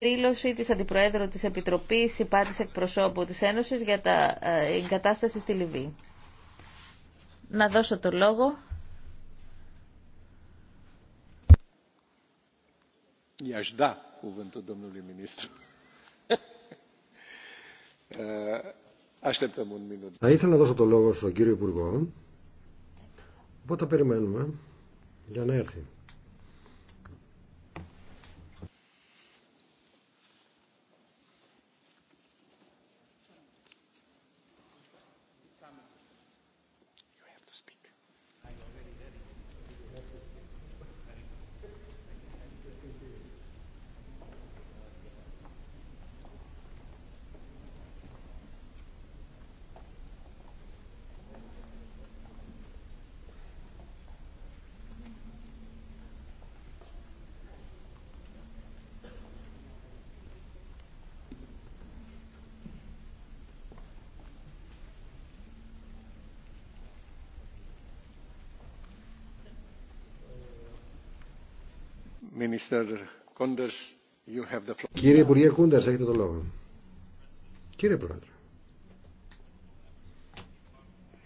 δήλωση της Αντιπροέδρου της Επιτροπής Υπάτης Εκπροσώπου της Ένωσης για τα, την ε, κατάσταση στη Λιβύη. Να δώσω το λόγο. Ε, θα ήθελα να δώσω το λόγο στον κύριο Υπουργό, οπότε περιμένουμε για να έρθει. Κύριε Υπουργέ Κούντερς, έχετε το λόγο. Κύριε Πρόεδρε,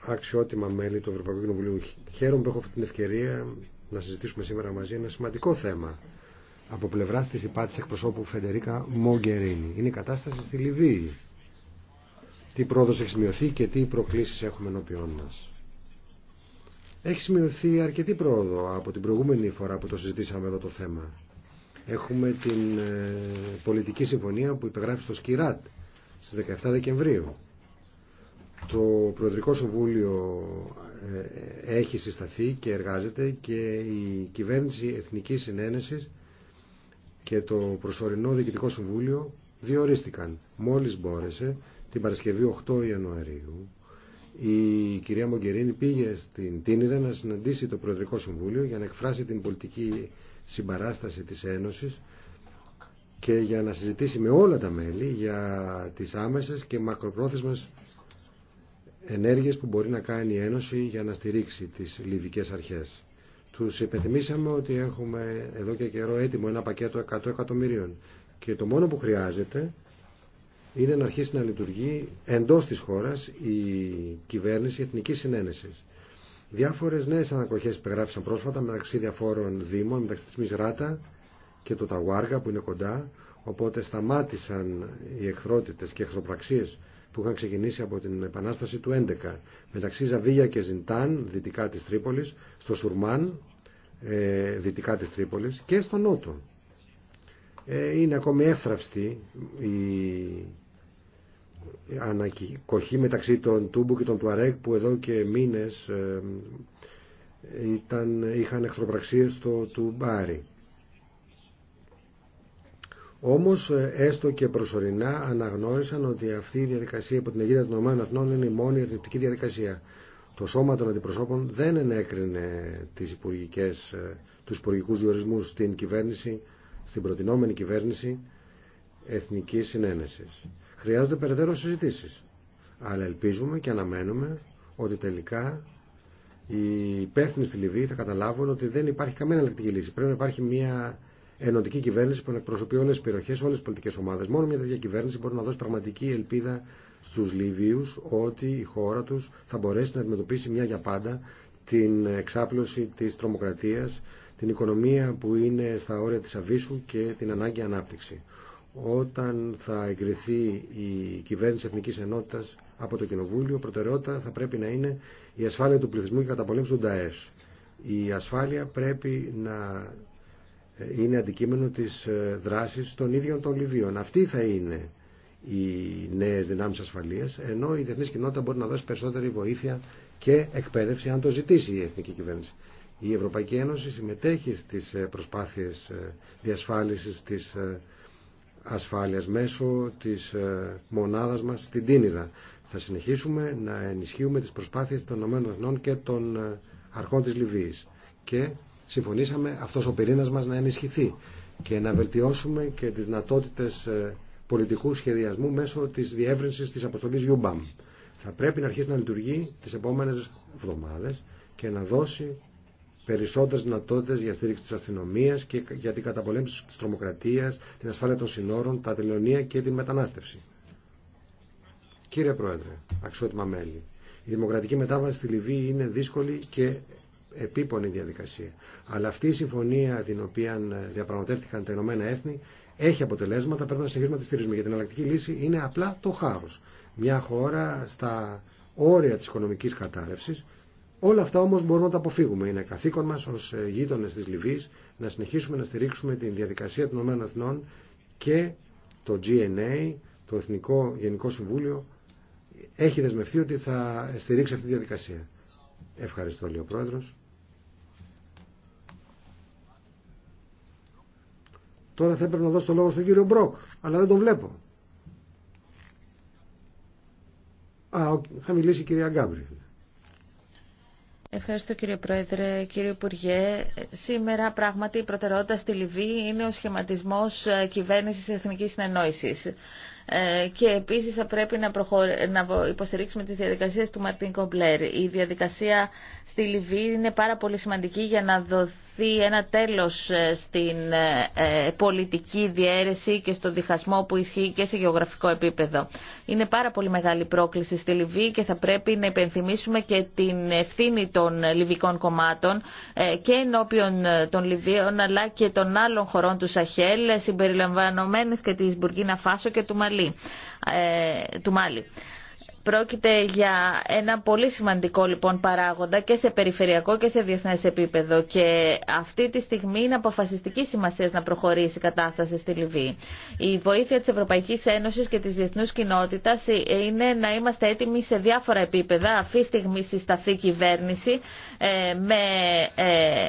αξιότιμα μέλη του Ευρωπαϊκού Κοινοβουλίου, χαίρομαι που έχω αυτή την ευκαιρία να συζητήσουμε σήμερα μαζί ένα σημαντικό θέμα από πλευρά τη υπάτηση εκπροσώπου Φεντερίκα Μογκερίνη. Είναι η κατάσταση στη Λιβύη. Τι πρόοδο έχει σημειωθεί και τι προκλήσει έχουμε ενώπιόν μας. Έχει σημειωθεί αρκετή πρόοδο από την προηγούμενη φορά που το συζητήσαμε εδώ το θέμα. Έχουμε την ε, πολιτική συμφωνία που υπεγράφει στο ΣΚΙΡΑΤ στις 17 Δεκεμβρίου. Το Προεδρικό Συμβούλιο ε, ε, έχει συσταθεί και εργάζεται και η κυβέρνηση Εθνικής Συνένεσης και το προσωρινό Διοικητικό Συμβούλιο διορίστηκαν μόλις μπόρεσε την Παρασκευή 8 Ιανουαρίου η κυρία Μογκερίνη πήγε στην Τίνιδα να συναντήσει το Προεδρικό Συμβούλιο για να εκφράσει την πολιτική συμπαράσταση της Ένωσης και για να συζητήσει με όλα τα μέλη για τις άμεσες και μακροπρόθεσμες ενέργειες που μπορεί να κάνει η Ένωση για να στηρίξει τις λιβικές αρχές. Τους επιθυμήσαμε ότι έχουμε εδώ και καιρό έτοιμο ένα πακέτο 100 εκατομμυρίων και το μόνο που χρειάζεται είναι να αρχίσει να λειτουργεί εντός της χώρας η κυβέρνηση εθνικής συνένεσης. Διάφορες νέες ανακοχές υπεγράφησαν πρόσφατα μεταξύ διαφόρων δήμων, μεταξύ της Μισράτα και του Ταγουάργα που είναι κοντά, οπότε σταμάτησαν οι εχθρότητες και εχθροπραξίες που είχαν ξεκινήσει από την Επανάσταση του 11 μεταξύ Ζαβίγια και Ζιντάν, δυτικά της Τρίπολης, στο Σουρμάν, ε, δυτικά της Τρίπολης και στο Νότο. Ε, είναι ακόμη εύθραυστη η ανακοχή μεταξύ των Τούμπου και των Τουαρέκ που εδώ και μήνες ε, ήταν, είχαν εχθροπραξίες στο Τουμπάρι. Όμως ε, έστω και προσωρινά αναγνώρισαν ότι αυτή η διαδικασία από την αιγύδα των ΗΠΑ είναι η μόνη ερευνητική διαδικασία. Το σώμα των αντιπροσώπων δεν ενέκρινε τις υπουργικές, ε, τους υπουργικούς διορισμούς στην κυβέρνηση, στην προτινόμενη κυβέρνηση Εθνικής Συνένεσης. Χρειάζονται περαιτέρω συζητήσεις. Αλλά ελπίζουμε και αναμένουμε ότι τελικά οι υπεύθυνοι στη Λιβύη θα καταλάβουν ότι δεν υπάρχει καμία εναλλακτική λύση. Πρέπει να υπάρχει μια ενωτική κυβέρνηση που να εκπροσωπεί όλε τι περιοχέ, όλε τι πολιτικέ ομάδε. Μόνο μια τέτοια κυβέρνηση μπορεί να δώσει πραγματική ελπίδα στου Λιβύου ότι η χώρα του θα μπορέσει να αντιμετωπίσει μια για πάντα την εξάπλωση τη τρομοκρατία, την οικονομία που είναι στα όρια τη αβίσου και την ανάγκη ανάπτυξη όταν θα εγκριθεί η κυβέρνηση εθνική Ενότητας από το Κοινοβούλιο, προτεραιότητα θα πρέπει να είναι η ασφάλεια του πληθυσμού και η καταπολέμηση του ΝΤΑΕΣ. Η ασφάλεια πρέπει να ε, είναι αντικείμενο της ε, δράσης των ίδιων των Λιβύων. Αυτή θα είναι οι νέε δυνάμει ασφαλείας, ενώ η διεθνή κοινότητα μπορεί να δώσει περισσότερη βοήθεια και εκπαίδευση αν το ζητήσει η Εθνική Κυβέρνηση. Η Ευρωπαϊκή Ένωση συμμετέχει στι ε, προσπάθειε διασφάλιση τη ασφάλειας μέσω της ε, μονάδας μας στην Τίνιδα. Θα συνεχίσουμε να ενισχύουμε τις προσπάθειες των ΗΠΑ και των ε, αρχών της Λιβύης. Και συμφωνήσαμε αυτός ο πυρήνας μας να ενισχυθεί και να βελτιώσουμε και τις δυνατότητε ε, πολιτικού σχεδιασμού μέσω της διεύρυνσης της αποστολής UBAM. Θα πρέπει να αρχίσει να λειτουργεί τις επόμενες εβδομάδες και να δώσει Περισσότερε δυνατότητε για στήριξη τη αστυνομία και για την καταπολέμηση τη τρομοκρατίας, την ασφάλεια των συνόρων, τα τελωνία και την μετανάστευση. Κύριε Πρόεδρε, αξιότιμα μέλη, η δημοκρατική μετάβαση στη Λιβύη είναι δύσκολη και επίπονη διαδικασία. Αλλά αυτή η συμφωνία την οποία διαπραγματεύτηκαν τα Ηνωμένα Έθνη έχει αποτελέσματα, πρέπει να συνεχίσουμε να τη στηρίζουμε. Για την εναλλακτική λύση είναι απλά το χάος. Μια χώρα στα όρια της οικονομικής κατάρρευση. Όλα αυτά όμως μπορούμε να τα αποφύγουμε. Είναι καθήκον μας ως ε, γείτονε της Λιβύης να συνεχίσουμε να στηρίξουμε την διαδικασία των ΗΠΑ και το GNA, το Εθνικό Γενικό Συμβούλιο, έχει δεσμευτεί ότι θα στηρίξει αυτή τη διαδικασία. Ευχαριστώ, λέει Πρόεδρος. Τώρα θα έπρεπε να δώσω το λόγο στον κύριο Μπροκ, αλλά δεν τον βλέπω. Α, θα μιλήσει η κυρία Γκάμπριελ. Ευχαριστώ κύριε Πρόεδρε, κύριε Υπουργέ. Σήμερα πράγματι η προτεραιότητα στη Λιβύη είναι ο σχηματισμός ε, κυβέρνησης εθνικής συνεννόησης. Ε, και επίσης θα πρέπει να, να υποστηρίξουμε τις διαδικασίες του Μαρτίν Κομπλέρ. Η διαδικασία στη Λιβύη είναι πάρα πολύ σημαντική για να δοθεί ένα τέλος ε, στην ε, ε, πολιτική διαίρεση και στο διχασμό που ισχύει και σε γεωγραφικό επίπεδο. Είναι πάρα πολύ μεγάλη πρόκληση στη Λιβύη και θα πρέπει να υπενθυμίσουμε και την ευθύνη των λιβικών κομμάτων και ενώπιον των Λιβύων αλλά και των άλλων χωρών του Σαχέλ συμπεριλαμβανομένες και της Μπουργκίνα Φάσο και του Μαλή. Του Μάλι. Πρόκειται για ένα πολύ σημαντικό λοιπόν παράγοντα και σε περιφερειακό και σε διεθνέ επίπεδο και αυτή τη στιγμή είναι αποφασιστική σημασία να προχωρήσει η κατάσταση στη Λιβύη. Η βοήθεια τη Ευρωπαϊκή Ένωση και τη διεθνούς κοινότητα είναι να είμαστε έτοιμοι σε διάφορα επίπεδα. Αυτή τη στιγμή συσταθεί κυβέρνηση ε, με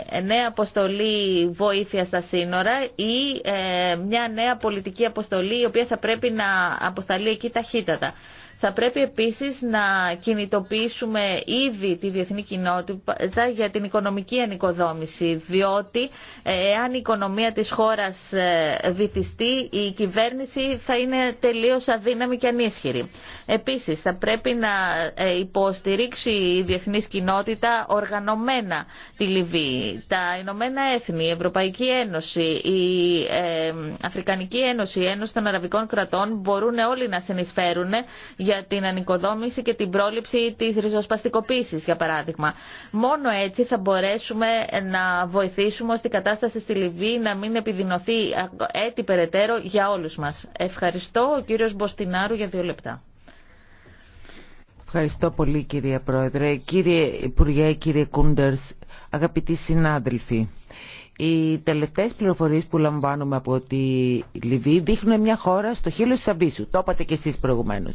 ε, νέα αποστολή βοήθεια στα σύνορα ή ε, μια νέα πολιτική αποστολή η οποία θα πρέπει να αποσταλεί εκεί ταχύτατα. Θα πρέπει επίσης να κινητοποιήσουμε ήδη τη διεθνή κοινότητα για την οικονομική ανοικοδόμηση, διότι ε, εάν η οικονομία της χώρας ε, βυθιστεί, η κυβέρνηση θα είναι τελείως αδύναμη και ανίσχυρη. Επίσης, θα πρέπει να ε, υποστηρίξει η διεθνή κοινότητα οργανωμένα τη Λιβύη. Τα Ηνωμένα Έθνη, η Ευρωπαϊκή Ένωση, η Αφρικανική Ένωση, η Ένωση των Αραβικών Κρατών μπορούν όλοι να συνεισφέρουν για την ανοικοδόμηση και την πρόληψη τη ριζοσπαστικοποίηση, για παράδειγμα. Μόνο έτσι θα μπορέσουμε να βοηθήσουμε ώστε η κατάσταση στη Λιβύη να μην επιδεινωθεί έτσι περαιτέρω για όλου μα. Ευχαριστώ, ο κύριο Μποστινάρου, για δύο λεπτά. Ευχαριστώ πολύ κύριε Πρόεδρε. Κύριε Υπουργέ, κύριε Κούντερς, αγαπητοί συνάδελφοι. Οι τελευταίες πληροφορίες που λαμβάνουμε από τη Λιβύη δείχνουν μια χώρα στο χείλος της Αμπίσου. Το είπατε και εσείς προηγουμένω.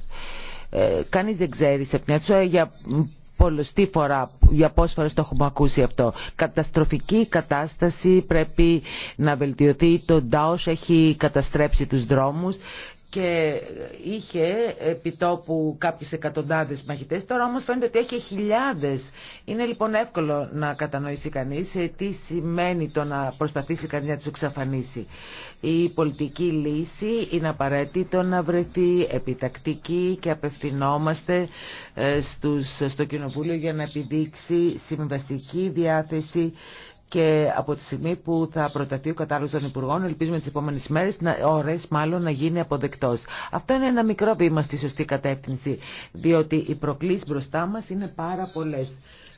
Ε, κανείς δεν ξέρει σε για πολλωστή φορά, για πόσες φορές το έχουμε ακούσει αυτό. Καταστροφική κατάσταση πρέπει να βελτιωθεί. Το Ντάος έχει καταστρέψει τους δρόμους και είχε επιτόπου κάποιες εκατοντάδες μαχητές, τώρα όμως φαίνεται ότι έχει χιλιάδες. Είναι λοιπόν εύκολο να κατανοήσει κανείς ε, τι σημαίνει το να προσπαθήσει κανείς να τους εξαφανίσει. Η πολιτική λύση είναι απαραίτητο να βρεθεί επιτακτική και απευθυνόμαστε ε, στους, στο Κοινοβούλιο για να επιδείξει συμβαστική διάθεση και από τη στιγμή που θα προταθεί ο κατάλογος των Υπουργών, ελπίζουμε τι επόμενε μέρε, ώρε ώρες μάλλον, να γίνει αποδεκτό. Αυτό είναι ένα μικρό βήμα στη σωστή κατεύθυνση, διότι οι προκλήσει μπροστά μα είναι πάρα πολλέ.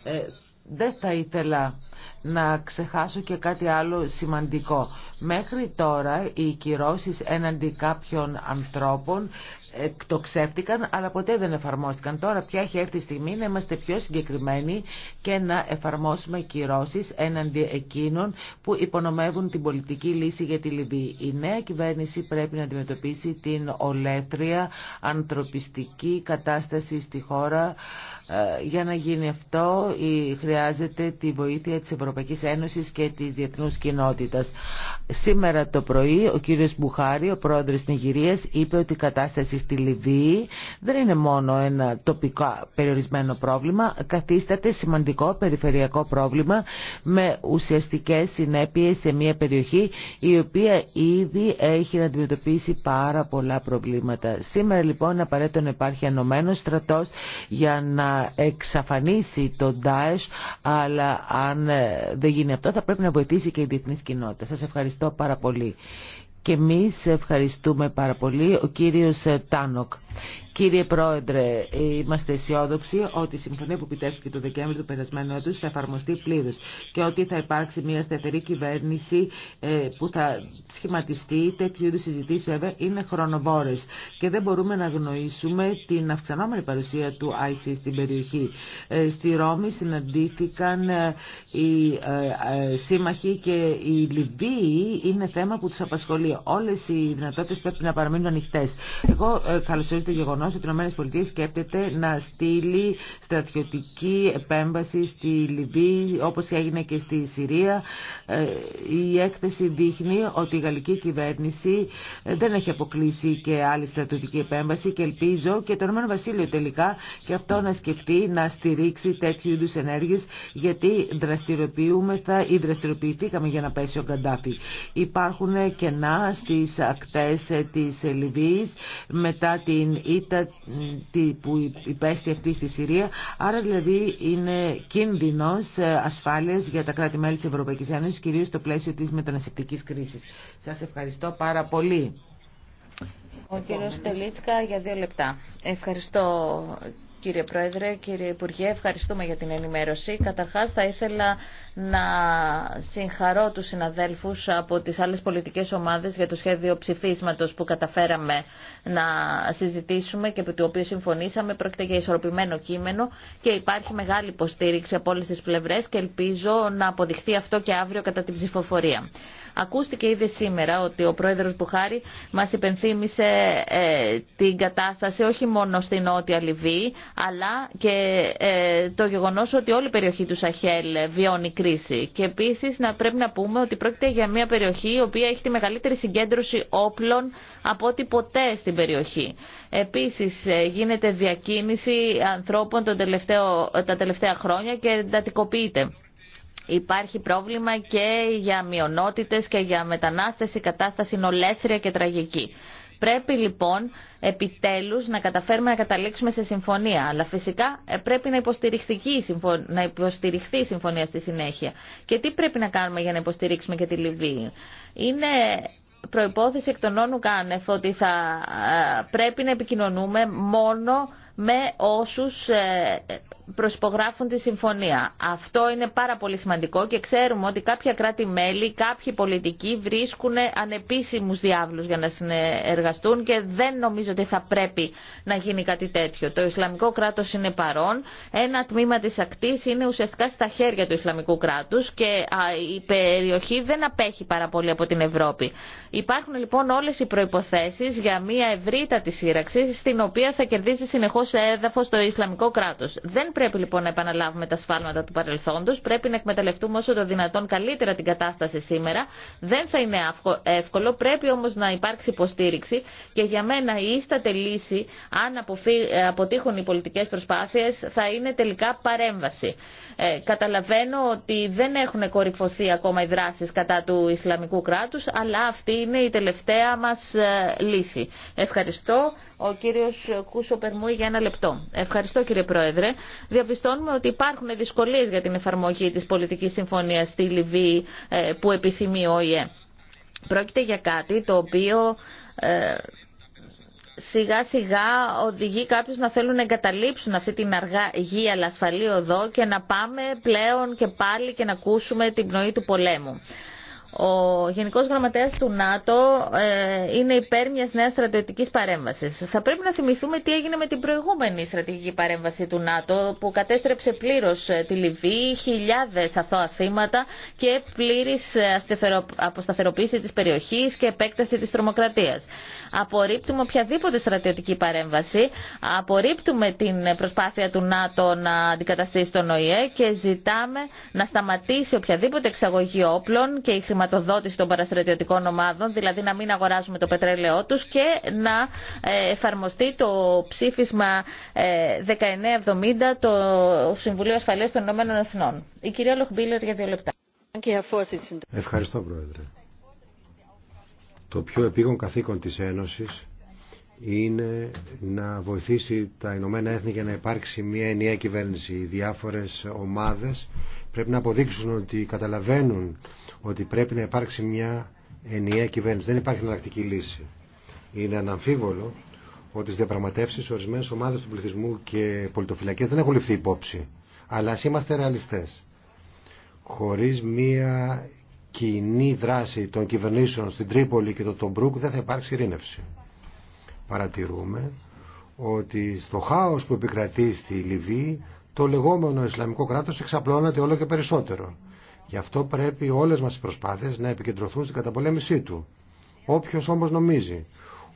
Ε, δεν θα ήθελα να ξεχάσω και κάτι άλλο σημαντικό. Μέχρι τώρα οι κυρώσεις έναντι κάποιων ανθρώπων εκτοξεύτηκαν αλλά ποτέ δεν εφαρμόστηκαν. Τώρα πια έχει έρθει η στιγμή να είμαστε πιο συγκεκριμένοι και να εφαρμόσουμε κυρώσεις έναντι εκείνων που υπονομεύουν την πολιτική λύση για τη Λιβύη. Η νέα κυβέρνηση πρέπει να αντιμετωπίσει την ολέτρια ανθρωπιστική κατάσταση στη χώρα ε, για να γίνει αυτό χρειάζεται τη βοήθεια της Ευρωπαϊκής Ένωσης και της διεθνούς κοινότητας. Σήμερα το πρωί ο κύριος Μπουχάρη, ο πρόεδρος της Νιγηρίας, είπε ότι η κατάσταση στη Λιβύη δεν είναι μόνο ένα τοπικό περιορισμένο πρόβλημα, καθίσταται σημαντικό περιφερειακό πρόβλημα με ουσιαστικές συνέπειες σε μια περιοχή η οποία ήδη έχει να αντιμετωπίσει πάρα πολλά προβλήματα. Σήμερα λοιπόν απαραίτητο να υπάρχει ενωμένο στρατός για να εξαφανίσει τον Ντάεσ, αλλά αν ε, δεν γίνει αυτό θα πρέπει να βοηθήσει και η διεθνής κοινότητα. Σας ευχαριστώ. Ευχαριστώ πάρα πολύ. Και εμείς ευχαριστούμε πάρα πολύ ο κύριος ε, Τάνοκ. Κύριε Πρόεδρε, είμαστε αισιόδοξοι ότι η συμφωνία που επιτεύχθηκε το Δεκέμβριο του περασμένου έτου θα εφαρμοστεί πλήρω και ότι θα υπάρξει μια σταθερή κυβέρνηση ε, που θα σχηματιστεί. Τέτοιου είδου συζητήσει βέβαια είναι χρονοβόρε και δεν μπορούμε να γνωρίσουμε την αυξανόμενη παρουσία του ISIS στην περιοχή. Ε, στη Ρώμη συναντήθηκαν ε, οι σύμμαχοι και οι Λιβύη είναι θέμα που του απασχολεί. Όλε οι δυνατότητε πρέπει να παραμείνουν ανοιχτέ. Εγώ καλωσορίζω το γεγονό γεγονός ότι οι ΗΠΑ σκέπτεται να στείλει στρατιωτική επέμβαση στη Λιβύη όπως έγινε και στη Συρία. Ε, η έκθεση δείχνει ότι η γαλλική κυβέρνηση ε, δεν έχει αποκλείσει και άλλη στρατιωτική επέμβαση και ελπίζω και το Ηνωμένο τελικά και αυτό να σκεφτεί να στηρίξει τέτοιου είδους ενέργειες γιατί δραστηριοποιούμεθα ή δραστηριοποιηθήκαμε για να πέσει ο Γκαντάφη. Υπάρχουν κενά στις ακτές ε, της Λιβύης μετά την ήττα που υπέστη αυτή στη Συρία. Άρα δηλαδή είναι κίνδυνος ε, ασφάλειας για τα κράτη-μέλη της Ευρωπαϊκής Ένωσης, κυρίως στο πλαίσιο της μεταναστευτικής κρίσης. Σας ευχαριστώ πάρα πολύ. Ο κύριος Τελίτσκα για δύο λεπτά. Ευχαριστώ Κύριε Πρόεδρε, κύριε Υπουργέ, ευχαριστούμε για την ενημέρωση. Καταρχάς θα ήθελα να συγχαρώ τους συναδέλφους από τις άλλες πολιτικές ομάδες για το σχέδιο ψηφίσματος που καταφέραμε να συζητήσουμε και επί του οποίου συμφωνήσαμε. Πρόκειται για ισορροπημένο κείμενο και υπάρχει μεγάλη υποστήριξη από όλες τις πλευρές και ελπίζω να αποδειχθεί αυτό και αύριο κατά την ψηφοφορία. Ακούστηκε ήδη σήμερα ότι ο πρόεδρος Μπουχάρη μας υπενθύμησε ε, την κατάσταση όχι μόνο στην Νότια Λιβύη, αλλά και ε, το γεγονός ότι όλη η περιοχή του Σαχέλ βιώνει κρίση. Και επίσης να πρέπει να πούμε ότι πρόκειται για μια περιοχή η οποία έχει τη μεγαλύτερη συγκέντρωση όπλων από ό,τι ποτέ στην περιοχή. Επίσης ε, γίνεται διακίνηση ανθρώπων τον τελευταίο, τα τελευταία χρόνια και εντατικοποιείται. Υπάρχει πρόβλημα και για μειονότητες και για μετανάστες. Η κατάσταση είναι ολέθρια και τραγική. Πρέπει λοιπόν επιτέλους να καταφέρουμε να καταλήξουμε σε συμφωνία. Αλλά φυσικά ε, πρέπει να, να υποστηριχθεί η συμφωνία στη συνέχεια. Και τι πρέπει να κάνουμε για να υποστηρίξουμε και τη Λιβύη. Είναι προϋπόθεση εκ των όνου κάνευ ότι θα ε, πρέπει να επικοινωνούμε μόνο με όσους ε, προσπογράφουν τη συμφωνία. Αυτό είναι πάρα πολύ σημαντικό και ξέρουμε ότι κάποια κράτη-μέλη, κάποιοι πολιτικοί βρίσκουν ανεπίσημους διάβλους για να συνεργαστούν και δεν νομίζω ότι θα πρέπει να γίνει κάτι τέτοιο. Το Ισλαμικό κράτος είναι παρόν. Ένα τμήμα της ακτής είναι ουσιαστικά στα χέρια του Ισλαμικού κράτους και η περιοχή δεν απέχει πάρα πολύ από την Ευρώπη. Υπάρχουν λοιπόν όλες οι προϋποθέσεις για μια ευρύτατη σύραξη στην οποία θα κερδίσει συνεχώ έδαφο το Ισλαμικό κράτο. Δεν πρέπει λοιπόν να επαναλάβουμε τα σφάλματα του παρελθόντος, πρέπει να εκμεταλλευτούμε όσο το δυνατόν καλύτερα την κατάσταση σήμερα. Δεν θα είναι εύκολο, πρέπει όμως να υπάρξει υποστήριξη και για μένα η ίστατη λύση, αν ε, αποτύχουν οι πολιτικές προσπάθειες, θα είναι τελικά παρέμβαση. Ε, καταλαβαίνω ότι δεν έχουν κορυφωθεί ακόμα οι δράσεις κατά του Ισλαμικού κράτους, αλλά αυτή είναι η τελευταία μας ε, λύση. Ευχαριστώ. Ο κύριος Κούσο Περμούη για ένα λεπτό. Ευχαριστώ κύριε Πρόεδρε. Διαπιστώνουμε ότι υπάρχουν δυσκολίες για την εφαρμογή της πολιτικής συμφωνίας στη Λιβύη ε, που επιθυμεί ο ΙΕ. Πρόκειται για κάτι το οποίο ε, σιγά σιγά οδηγεί κάποιους να θέλουν να εγκαταλείψουν αυτή την αργά γη αλλά ασφαλή οδό και να πάμε πλέον και πάλι και να ακούσουμε την πνοή του πολέμου. Ο Γενικός Γραμματέας του ΝΑΤΟ ε, είναι υπέρ μιας νέας στρατιωτικής παρέμβασης. Θα πρέπει να θυμηθούμε τι έγινε με την προηγούμενη στρατηγική παρέμβαση του ΝΑΤΟ που κατέστρεψε πλήρως ε, τη Λιβύη, χιλιάδες αθώα θύματα και πλήρης ε, αποσταθεροποίηση της περιοχής και επέκταση της τρομοκρατίας. Απορρίπτουμε οποιαδήποτε στρατιωτική παρέμβαση, απορρίπτουμε την προσπάθεια του ΝΑΤΟ να αντικαταστήσει τον ΟΗΕ και ζητάμε να σταματήσει οποιαδήποτε εξαγωγή όπλων και η χρηματοδότηση των παραστρατιωτικών ομάδων, δηλαδή να μην αγοράζουμε το πετρέλαιό τους και να ε, εφαρμοστεί το ψήφισμα 1970 ε, το Συμβουλίου Ασφαλείας των Ηνωμένων Εθνών. Η κυρία Λοχμπίλερ για δύο λεπτά. Ευχαριστώ, Πρόεδρε. Το πιο επίγον καθήκον της Ένωσης είναι να βοηθήσει τα Ηνωμένα Έθνη για να υπάρξει μια ενιαία κυβέρνηση. Οι διάφορες ομάδες πρέπει να αποδείξουν ότι καταλαβαίνουν ότι πρέπει να υπάρξει μια ενιαία κυβέρνηση. Δεν υπάρχει εναλλακτική λύση. Είναι αναμφίβολο ότι στι διαπραγματεύσει ορισμένε ομάδε του πληθυσμού και πολιτοφυλακέ δεν έχουν ληφθεί υπόψη. Αλλά α είμαστε ρεαλιστέ. Χωρί μια κοινή δράση των κυβερνήσεων στην Τρίπολη και το Τομπρούκ δεν θα υπάρξει ειρήνευση. Παρατηρούμε ότι στο χάος που επικρατεί στη Λιβύη το λεγόμενο Ισλαμικό κράτος εξαπλώνεται όλο και περισσότερο. Γι' αυτό πρέπει όλες μας οι προσπάθειες να επικεντρωθούν στην καταπολέμησή του. Όποιος όμως νομίζει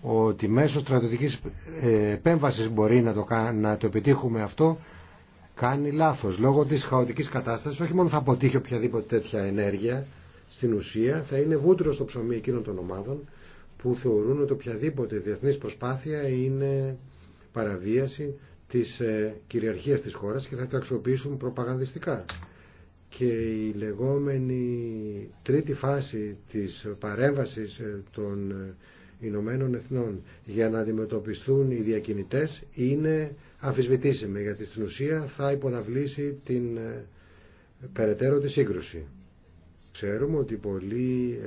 ότι μέσω στρατιωτικής ε, επέμβασης μπορεί να το, να το επιτύχουμε αυτό, κάνει λάθος. Λόγω της χαοτικής κατάστασης όχι μόνο θα αποτύχει οποιαδήποτε τέτοια ενέργεια, στην ουσία θα είναι βούτυρο στο ψωμί εκείνων των ομάδων που θεωρούν ότι οποιαδήποτε διεθνής προσπάθεια είναι παραβίαση της ε, κυριαρχίας της χώρας και θα το αξιοποιήσουν προπαγανδιστικά και η λεγόμενη τρίτη φάση της παρέμβασης ε, των ε, Ηνωμένων Εθνών για να αντιμετωπιστούν οι διακινητές είναι αμφισβητήσιμη γιατί στην ουσία θα υποδαβλήσει την ε, περαιτέρω τη σύγκρουση. Ξέρουμε ότι πολλοί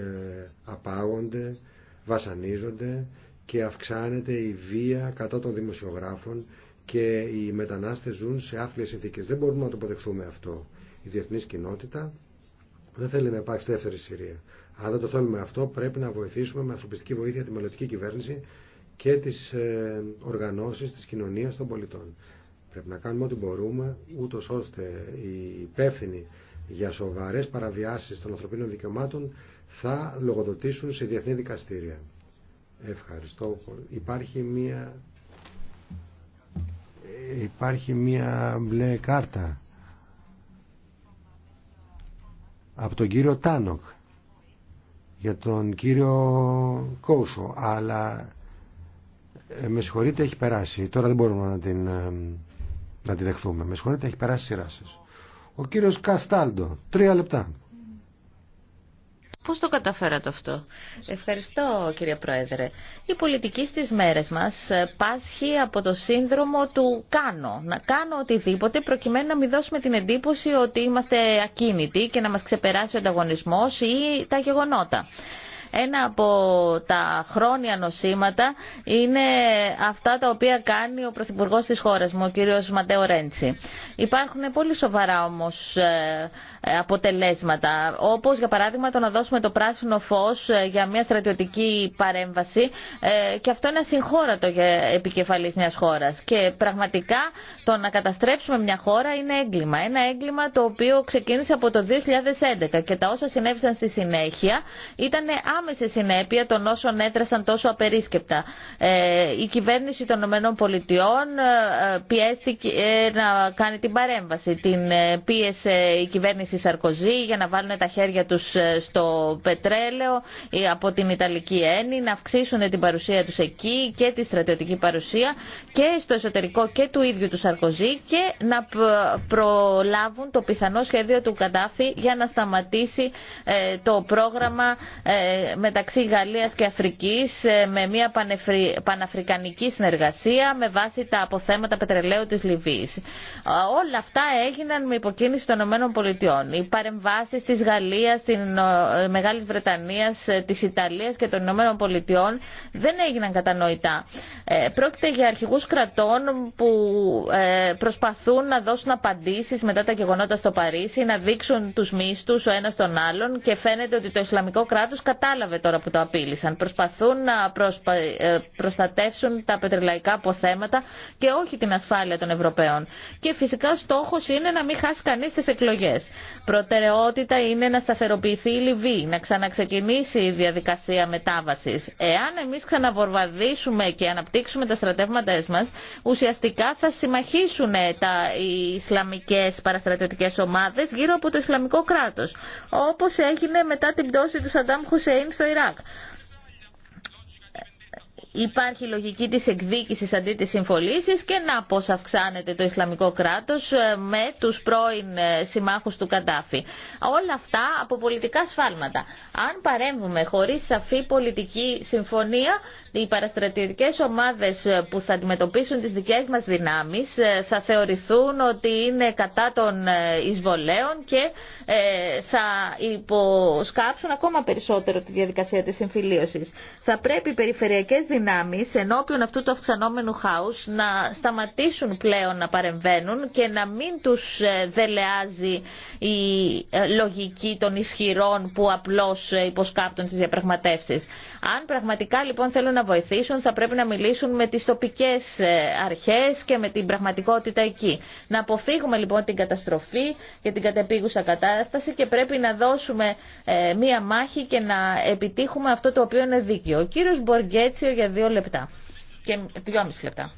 απάγονται, βασανίζονται και αυξάνεται η βία κατά των δημοσιογράφων και οι μετανάστες ζουν σε άθλιες συνθήκες. Δεν μπορούμε να το αποδεχθούμε αυτό η διεθνής κοινότητα. Δεν θέλει να υπάρξει δεύτερη Συρία. Αν δεν το θέλουμε αυτό, πρέπει να βοηθήσουμε με ανθρωπιστική βοήθεια τη μελλοντική κυβέρνηση και τι ε, οργανώσει τη κοινωνία των πολιτών. Πρέπει να κάνουμε ό,τι μπορούμε, ούτω ώστε οι υπεύθυνοι για σοβαρέ παραβιάσει των ανθρωπίνων δικαιωμάτων θα λογοδοτήσουν σε διεθνή δικαστήρια. Ευχαριστώ. Υπάρχει μία. Ε, υπάρχει μία μπλε κάρτα. από τον κύριο Τάνοκ για τον κύριο Κόουσο, αλλά ε, με συγχωρείτε έχει περάσει τώρα δεν μπορούμε να την ε, να τη δεχθούμε με συγχωρείτε έχει περάσει σειρά σας ο κύριος Καστάλντο τρία λεπτά Πώς το καταφέρατε αυτό. Ευχαριστώ κύριε Πρόεδρε. Η πολιτική στις μέρες μας ε, πάσχει από το σύνδρομο του κάνω. Να κάνω οτιδήποτε προκειμένου να μην δώσουμε την εντύπωση ότι είμαστε ακίνητοι και να μας ξεπεράσει ο ανταγωνισμός ή τα γεγονότα. Ένα από τα χρόνια νοσήματα είναι αυτά τα οποία κάνει ο Πρωθυπουργός της χώρας μου, ο κύριος Ματέο Ρέντσι. Υπάρχουν πολύ σοβαρά όμως ε, ε, αποτελέσματα. Όπως για παράδειγμα το να δώσουμε το πράσινο φως ε, για μια στρατιωτική παρέμβαση ε, και αυτό είναι ασυγχώρατο για επικεφαλής μια χώρας. Και πραγματικά το να καταστρέψουμε μια χώρα είναι έγκλημα. Ένα έγκλημα το οποίο ξεκίνησε από το 2011 και τα όσα συνέβησαν στη συνέχεια ήταν άμεση συνέπεια των όσων έτρεσαν τόσο απερίσκεπτα. Η κυβέρνηση των ΗΠΑ πιέστηκε να κάνει την παρέμβαση. Την πίεσε η κυβέρνηση για να βάλουν τα χέρια τους ε, στο πετρέλαιο ε, από την Ιταλική Έννη, να αυξήσουν την παρουσία τους εκεί και τη στρατιωτική παρουσία και στο εσωτερικό και του ίδιου του Σαρκοζή και να προλάβουν το πιθανό σχέδιο του Καντάφη για να σταματήσει ε, το πρόγραμμα μεταξύ Γαλλίας και Αφρικής με μια παναφρικανική συνεργασία με βάση τα αποθέματα πετρελαίου της Λιβύης. Όλα αυτά έγιναν με υποκίνηση των ΗΠΑ. Οι παρεμβάσει τη Γαλλία, τη μεγάλη Βρετανία, τη Ιταλία και των Ηνωμένων Πολιτειών δεν έγιναν κατανοητά. Ε, πρόκειται για αρχηγούς κρατών που ε, προσπαθούν να δώσουν απαντήσει μετά τα γεγονότα στο Παρίσι, να δείξουν του μίστου ο ένας τον άλλον και φαίνεται ότι το Ισλαμικό κράτο κατάλαβε τώρα που το απείλησαν. Προσπαθούν να ε, προστατεύσουν τα πετρελαϊκά αποθέματα και όχι την ασφάλεια των Ευρωπαίων. Και φυσικά στόχο είναι να μην χάσει κανεί τι εκλογέ. Προτεραιότητα είναι να σταθεροποιηθεί η Λιβύη, να ξαναξεκινήσει η διαδικασία μετάβαση. Εάν εμεί ξαναβορβαδίσουμε και αναπτύξουμε τα στρατεύματά μας, ουσιαστικά θα συμμαχίσουν τα, οι Ισλαμικές παραστρατιωτικέ ομάδες γύρω από το Ισλαμικό κράτος, Όπω έγινε μετά την πτώση του Σαντάμ Χουσέιν στο Ιράκ υπάρχει λογική της εκδίκησης αντί της συμφωλήσης και να πώς αυξάνεται το Ισλαμικό κράτος ε, με τους πρώην ε, συμμάχους του Καντάφη. Όλα αυτά από πολιτικά σφάλματα. Αν παρέμβουμε χωρίς σαφή πολιτική συμφωνία οι παραστρατητικέ ομάδες που θα αντιμετωπίσουν τις δικές μας δυνάμεις ε, θα θεωρηθούν ότι είναι κατά των ε, εισβολέων και ε, θα υποσκάψουν ακόμα περισσότερο τη διαδικασία της συμφιλίωσης. Θα πρέπει οι περιφερειακές δυνάμεις ενώπιον αυτού του αυξανόμενου χάους να σταματήσουν πλέον να παρεμβαίνουν και να μην τους δελεάζει η λογική των ισχυρών που απλώς υποσκάπτουν τι διαπραγματεύσεις. Αν πραγματικά λοιπόν θέλουν να βοηθήσουν θα πρέπει να μιλήσουν με τις τοπικές ε, αρχές και με την πραγματικότητα εκεί. Να αποφύγουμε λοιπόν την καταστροφή και την κατεπίγουσα κατάσταση και πρέπει να δώσουμε ε, μία μάχη και να επιτύχουμε αυτό το οποίο είναι δίκαιο. Ο κύριος Μποργέτσιο για δύο λεπτά και δυόμιση λεπτά.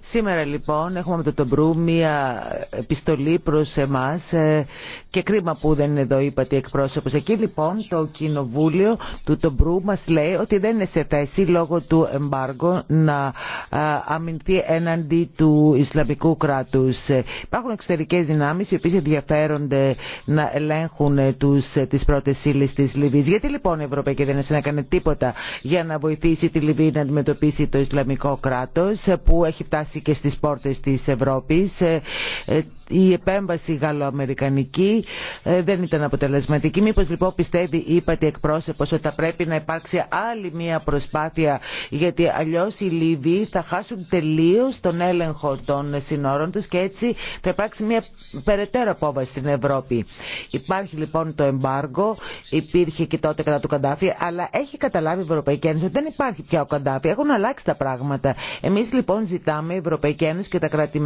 Σήμερα λοιπόν έχουμε με τον Τομπρού μία επιστολή προς εμάς ε, και κρίμα που δεν είναι εδώ είπατε εκπρόσωπος. Εκεί λοιπόν το κοινοβούλιο του Τομπρού μας λέει ότι δεν είναι σε θέση λόγω του εμπάργου να ε, αμυνθεί έναντι του Ισλαμικού κράτους. Ε, υπάρχουν εξωτερικές δυνάμεις οι οποίες ενδιαφέρονται να ελέγχουν τους, τις πρώτες ύλες της Λιβύης. Γιατί λοιπόν η Ευρωπαϊκή δεν να κάνει τίποτα για να βοηθήσει τη Λιβύη να αντιμετωπίσει το Ισλαμικό κράτος που έχει φτάσει και στις πόρτες της Ευρώπης ε, ε, η επέμβαση γαλλοαμερικανική ε, δεν ήταν αποτελεσματική. Μήπω λοιπόν πιστεύει, είπατε εκπρόσωπο ότι θα πρέπει να υπάρξει άλλη μία προσπάθεια γιατί αλλιώ οι Λίβοι θα χάσουν τελείω τον έλεγχο των συνόρων του και έτσι θα υπάρξει μία περαιτέρω απόβαση στην Ευρώπη. Υπάρχει λοιπόν το εμπάργκο, υπήρχε και τότε κατά του Καντάφη, αλλά έχει καταλάβει η Ευρωπαϊκή Ένωση ότι δεν υπάρχει πια ο Καντάφη. Έχουν αλλάξει τα πράγματα. Εμεί λοιπόν ζητάμε η Ευρωπαϊκή Ένωση και τα κρατη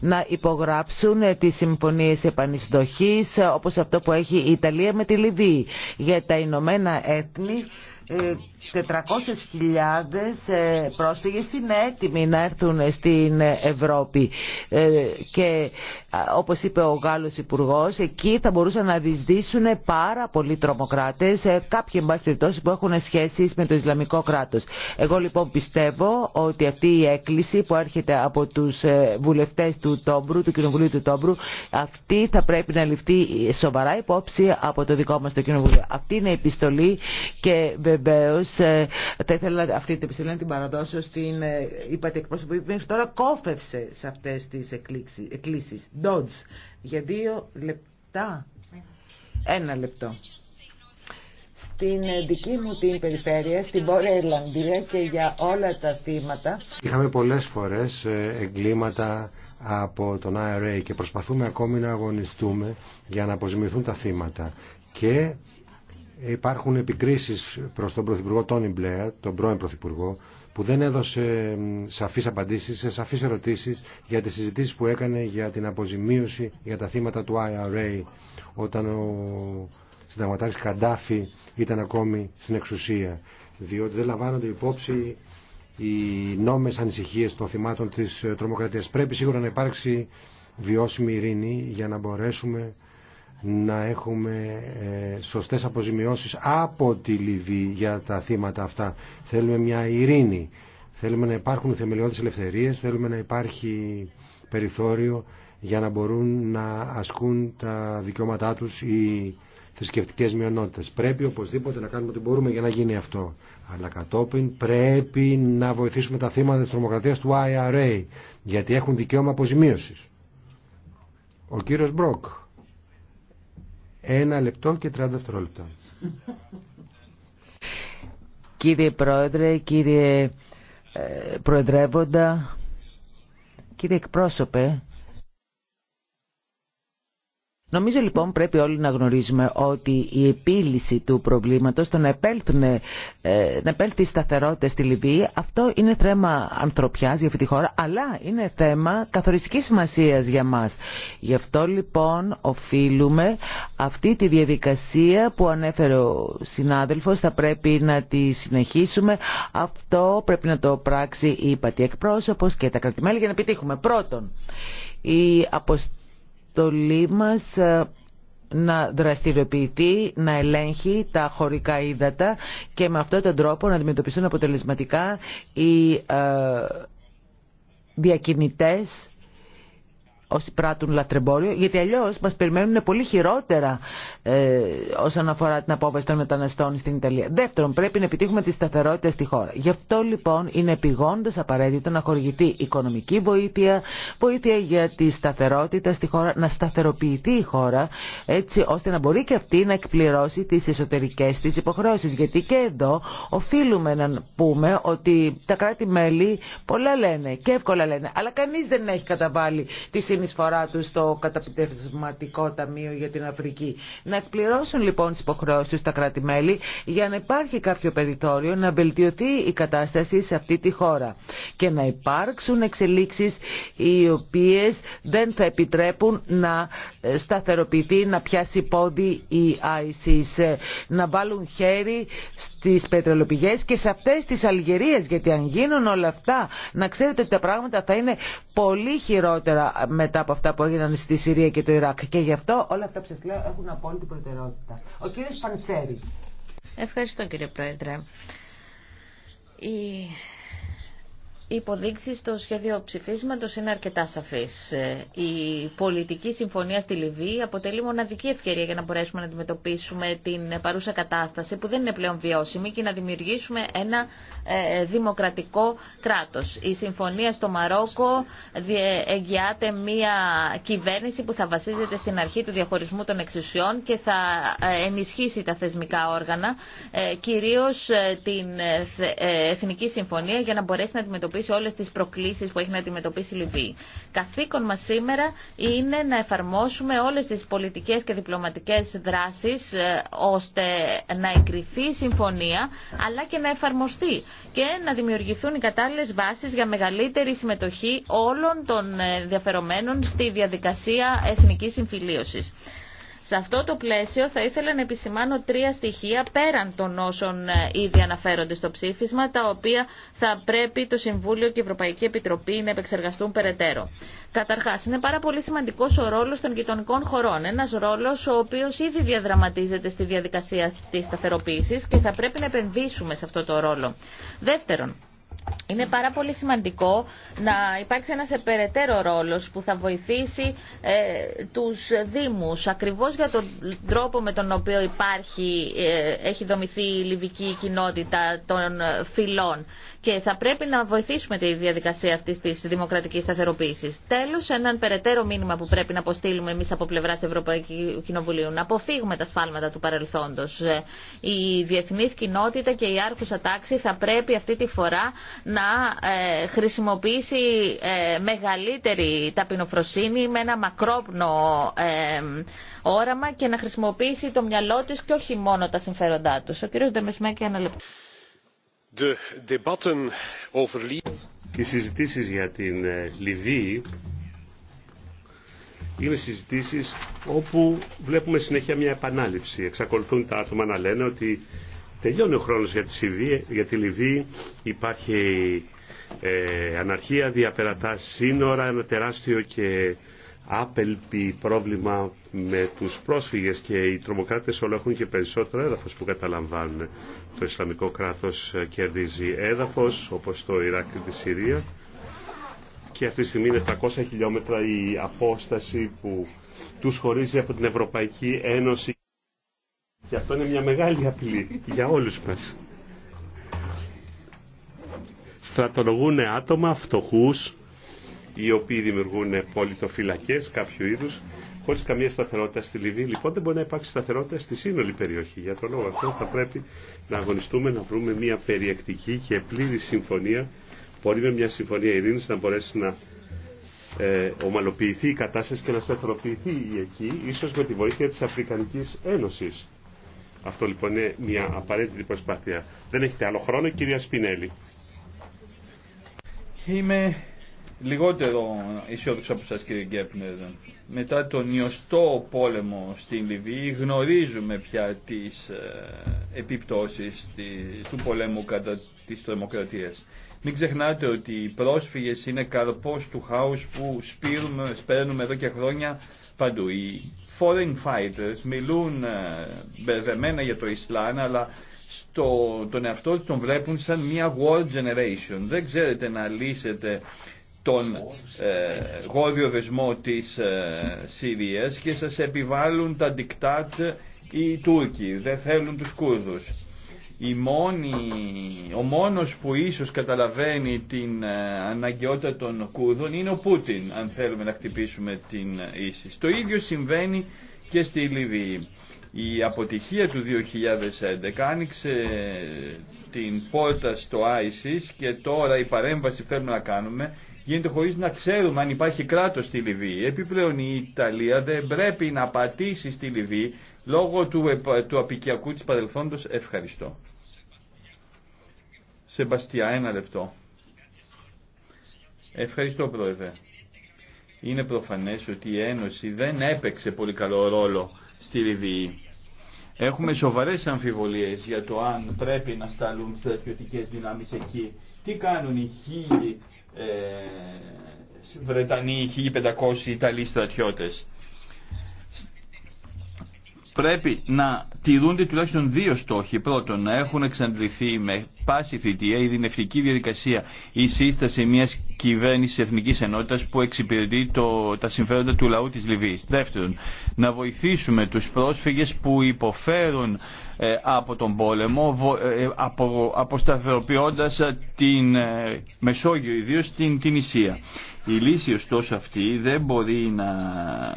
να υπογράψουν συζητούν τις συμφωνίες επανιστοχής όπως αυτό που έχει η Ιταλία με τη Λιβύη για τα Ηνωμένα Έθνη ε, 400.000 ε, πρόσφυγες είναι έτοιμοι να έρθουν στην Ευρώπη ε, και όπως είπε ο Γάλλος υπουργό, εκεί θα μπορούσαν να δυσδύσουν πάρα πολλοί τρομοκράτες ε, κάποιοι εν που έχουν σχέσεις με το Ισλαμικό κράτος. Εγώ λοιπόν πιστεύω ότι αυτή η έκκληση που έρχεται από τους βουλευτές του Τόμπρου, του Κοινοβουλίου του Τόμπρου αυτή θα πρέπει να ληφθεί σοβαρά υπόψη από το δικό μας το Κοινοβουλίο. Αυτή είναι η επιστολή και βεβαίως ε, θα ήθελα αυτή την επιστολή να την παραδώσω στην ε, είπατε εκπρόσωπο που μέχρι τώρα κόφευσε σε αυτές τις εκκλήσεις. Dodge για δύο λεπτά. Ένα λεπτό. Στην δική μου την περιφέρεια, στην Βόρεια Ιρλανδία και για όλα τα θύματα. Είχαμε πολλές φορές ε, εγκλήματα από τον IRA και προσπαθούμε ακόμη να αγωνιστούμε για να αποζημιωθούν τα θύματα. Και υπάρχουν επικρίσεις προς τον Πρωθυπουργό Τόνι Μπλέα, τον πρώην Πρωθυπουργό, που δεν έδωσε σαφείς απαντήσεις σε σαφείς ερωτήσεις για τις συζητήσεις που έκανε για την αποζημίωση για τα θύματα του IRA όταν ο συνταγματάρχης Καντάφη ήταν ακόμη στην εξουσία. Διότι δεν λαμβάνονται υπόψη οι νόμες ανησυχίες των θυμάτων της τρομοκρατίας. Πρέπει σίγουρα να υπάρξει βιώσιμη ειρήνη για να μπορέσουμε να έχουμε ε, σωστές αποζημιώσεις από τη Λιβύη για τα θύματα αυτά. Θέλουμε μια ειρήνη. Θέλουμε να υπάρχουν θεμελιώδεις ελευθερίες. Θέλουμε να υπάρχει περιθώριο για να μπορούν να ασκούν τα δικαιώματά τους οι θρησκευτικέ μειονότητες. Πρέπει οπωσδήποτε να κάνουμε ό,τι μπορούμε για να γίνει αυτό. Αλλά κατόπιν πρέπει να βοηθήσουμε τα θύματα της τρομοκρατίας του IRA γιατί έχουν δικαίωμα αποζημίωσης. Ο κύριος Μπρόκ. Ένα λεπτό και 30 δευτερόλεπτα. Κύριε Πρόεδρε, κύριε ε, Προεδρεύοντα, κύριε εκπρόσωπε, Νομίζω λοιπόν πρέπει όλοι να γνωρίζουμε ότι η επίλυση του προβλήματος, το να, επέλθουν, ε, να επέλθει η σταθερότητα στη Λιβύη, αυτό είναι θέμα ανθρωπιάς για αυτή τη χώρα, αλλά είναι θέμα καθοριστικής σημασίας για μας. Γι' αυτό λοιπόν οφείλουμε αυτή τη διαδικασία που ανέφερε ο συνάδελφος, θα πρέπει να τη συνεχίσουμε. Αυτό πρέπει να το πράξει η πατή εκπρόσωπος και τα κρατημέλη για να επιτύχουμε. Πρώτον, η αποστολή το μας ε, να δραστηριοποιηθεί, να ελέγχει τα χωρικά ύδατα και με αυτόν τον τρόπο να αντιμετωπιστούν αποτελεσματικά οι ε, διακινητές όσοι πράττουν λατρεμπόριο, γιατί αλλιώ μα περιμένουν πολύ χειρότερα ε, όσον αφορά την απόβαση των μεταναστών στην Ιταλία. Δεύτερον, πρέπει να επιτύχουμε τη σταθερότητα στη χώρα. Γι' αυτό λοιπόν είναι επιγόντω απαραίτητο να χορηγηθεί οικονομική βοήθεια, βοήθεια για τη σταθερότητα στη χώρα, να σταθεροποιηθεί η χώρα, έτσι ώστε να μπορεί και αυτή να εκπληρώσει τι εσωτερικέ τη υποχρεώσει. Γιατί και εδώ οφείλουμε να πούμε ότι τα κράτη-μέλη πολλά λένε και εύκολα λένε, αλλά κανεί δεν έχει καταβάλει τη εισφορά του στο καταπιτευσματικό ταμείο για την Αφρική. Να εκπληρώσουν λοιπόν τις υποχρεώσεις του τα κράτη-μέλη για να υπάρχει κάποιο περιθώριο να βελτιωθεί η κατάσταση σε αυτή τη χώρα και να υπάρξουν εξελίξεις οι οποίες δεν θα επιτρέπουν να σταθεροποιηθεί, να πιάσει πόδι η ISIS, να βάλουν χέρι στις πετρελοπηγές και σε αυτές τις Αλγερίες, γιατί αν γίνουν όλα αυτά, να ξέρετε ότι τα πράγματα θα είναι πολύ χειρότερα με μετά από αυτά που έγιναν στη Συρία και το Ιράκ. Και γι' αυτό όλα αυτά που σα λέω έχουν απόλυτη προτεραιότητα. Ο κύριο Παντσέρη. Ευχαριστώ κύριε Πρόεδρε. Η οι υποδείξεις στο σχέδιο ψηφίσματος είναι αρκετά σαφής. Ε, η πολιτική συμφωνία στη Λιβύη αποτελεί μοναδική ευκαιρία για να μπορέσουμε να αντιμετωπίσουμε την παρούσα κατάσταση που δεν είναι πλέον βιώσιμη και να δημιουργήσουμε ένα ε, δημοκρατικό κράτος. Η συμφωνία στο Μαρόκο εγγυάται μια κυβέρνηση που θα βασίζεται στην αρχή του διαχωρισμού των εξουσιών και θα ε, ενισχύσει τα θεσμικά όργανα, κυρίως την Εθνική Συμφωνία για να μπορέσει να αντιμετωπίσει σε όλες τις προκλήσεις που έχει να αντιμετωπίσει η Λιβύη. Καθήκον μας σήμερα είναι να εφαρμόσουμε όλες τις πολιτικές και διπλωματικές δράσεις ε, ώστε να εγκριθεί συμφωνία αλλά και να εφαρμοστεί και να δημιουργηθούν οι κατάλληλες βάσεις για μεγαλύτερη συμμετοχή όλων των ε, ενδιαφερομένων στη διαδικασία εθνική συμφιλίωσης. Σε αυτό το πλαίσιο θα ήθελα να επισημάνω τρία στοιχεία πέραν των όσων ε, ήδη αναφέρονται στο ψήφισμα, τα οποία θα πρέπει το Συμβούλιο και η Ευρωπαϊκή Επιτροπή να επεξεργαστούν περαιτέρω. Καταρχά, είναι πάρα πολύ σημαντικό ο ρόλο των γειτονικών χωρών. Ένα ρόλο ο οποίο ήδη διαδραματίζεται στη διαδικασία τη σταθεροποίηση και θα πρέπει να επενδύσουμε σε αυτό το ρόλο. Δεύτερον, είναι πάρα πολύ σημαντικό να υπάρξει ένας επεραιτέρω ρόλος που θα βοηθήσει ε, τους Δήμους ακριβώς για τον τρόπο με τον οποίο υπάρχει, ε, έχει δομηθεί η Λιβική κοινότητα των ε, φυλών και θα πρέπει να βοηθήσουμε τη διαδικασία αυτή τη δημοκρατική σταθεροποίηση. Τέλο, έναν περαιτέρω μήνυμα που πρέπει να αποστείλουμε εμεί από πλευρά Ευρωπαϊκού Κοινοβουλίου. Να αποφύγουμε τα σφάλματα του παρελθόντο. Ε, η διεθνή κοινότητα και η άρχουσα τάξη θα πρέπει αυτή τη φορά να ε, χρησιμοποιήσει ε, μεγαλύτερη ταπεινοφροσύνη με ένα μακρόπνο όραμα και να χρησιμοποιήσει το μυαλό τη και όχι μόνο τα συμφέροντά του. Ο κ. Δεμεσμέκη, ένα λεπτό. Οι συζητήσεις για την ε, Λιβύη είναι συζητήσεις όπου βλέπουμε συνέχεια μια επανάληψη. Εξακολουθούν τα άτομα να λένε ότι τελειώνει ο χρόνος για τη, Λιβύη, για τη Υπάρχει ε, αναρχία, διαπερατά σύνορα, ένα τεράστιο και άπελπι πρόβλημα με τους πρόσφυγες και οι τρομοκράτες όλο έχουν και περισσότερο έδαφος που καταλαμβάνουν το Ισλαμικό κράτος ε, κερδίζει έδαφος όπως το Ιράκ και τη Συρία και αυτή τη στιγμή είναι 700 χιλιόμετρα η απόσταση που τους χωρίζει από την Ευρωπαϊκή Ένωση και αυτό είναι μια μεγάλη απειλή για όλους μας. Στρατολογούν άτομα φτωχούς οι οποίοι δημιουργούν πολιτοφυλακές κάποιου είδους Χωρί καμία σταθερότητα στη Λιβύη, λοιπόν, δεν μπορεί να υπάρξει σταθερότητα στη σύνολη περιοχή. Για τον λόγο αυτό θα πρέπει να αγωνιστούμε να βρούμε μια περιεκτική και πλήρη συμφωνία. Μπορεί με μια συμφωνία ειρήνη να μπορέσει να ε, ομαλοποιηθεί η κατάσταση και να σταθεροποιηθεί η εκεί, ίσω με τη βοήθεια τη Αφρικανική Ένωση. Αυτό λοιπόν είναι μια απαραίτητη προσπάθεια. Δεν έχετε άλλο χρόνο, κυρία Σπινέλη. Είμαι λιγότερο αισιόδοξο από σας κύριε Γκέπνερ. Μετά τον ιωστό πόλεμο στην Λιβύη γνωρίζουμε πια τις ε, επιπτώσεις του πολέμου κατά της τρομοκρατίας. Μην ξεχνάτε ότι οι πρόσφυγες είναι καρπός του χάους που σπίρουμε, σπέρνουμε εδώ και χρόνια παντού. Οι foreign fighters μιλούν ε, μπερδεμένα για το Ισλάν αλλά στο, τον εαυτό του τον βλέπουν σαν μια world generation. Δεν ξέρετε να λύσετε τον ε, γόδιο δεσμό της ε, Συρίας και σας επιβάλλουν τα δικτάτ οι Τούρκοι, δεν θέλουν τους Κούρδους. Η μόνη, ο μόνος που ίσως καταλαβαίνει την ε, αναγκαιότητα των Κούρδων είναι ο Πούτιν, αν θέλουμε να χτυπήσουμε την ίση. Το ίδιο συμβαίνει και στη Λιβύη. Η αποτυχία του 2011 άνοιξε την πόρτα στο ISIS και τώρα η παρέμβαση που θέλουμε να κάνουμε γίνεται χωρίς να ξέρουμε αν υπάρχει κράτος στη Λιβύη. Επιπλέον η Ιταλία δεν πρέπει να πατήσει στη Λιβύη λόγω του, του απικιακού της παρελθόντος. Ευχαριστώ. Σεμπαστιά, ένα λεπτό. Ευχαριστώ πρόεδρε. Είναι προφανές ότι η Ένωση δεν έπαιξε πολύ καλό ρόλο στη Λιβύη. Έχουμε σοβαρές αμφιβολίες για το αν πρέπει να σταλούν στρατιωτικές δυνάμεις εκεί. Τι κάνουν οι χίλιοι ε, Βρετανοί 1500 Ιταλοί στρατιώτες πρέπει να τηρούνται τουλάχιστον δύο στόχοι. Πρώτον, να έχουν εξαντληθεί με πάση θητεία η δινευτική διαδικασία η σύσταση μια κυβέρνηση εθνική ενότητα που εξυπηρετεί το, τα συμφέροντα του λαού τη Λιβύη. Δεύτερον, να βοηθήσουμε του πρόσφυγε που υποφέρουν ε, από τον πόλεμο, ε, απο, αποσταθεροποιώντα την ε, Μεσόγειο, ιδίω την, την Η λύση ωστόσο αυτή δεν μπορεί να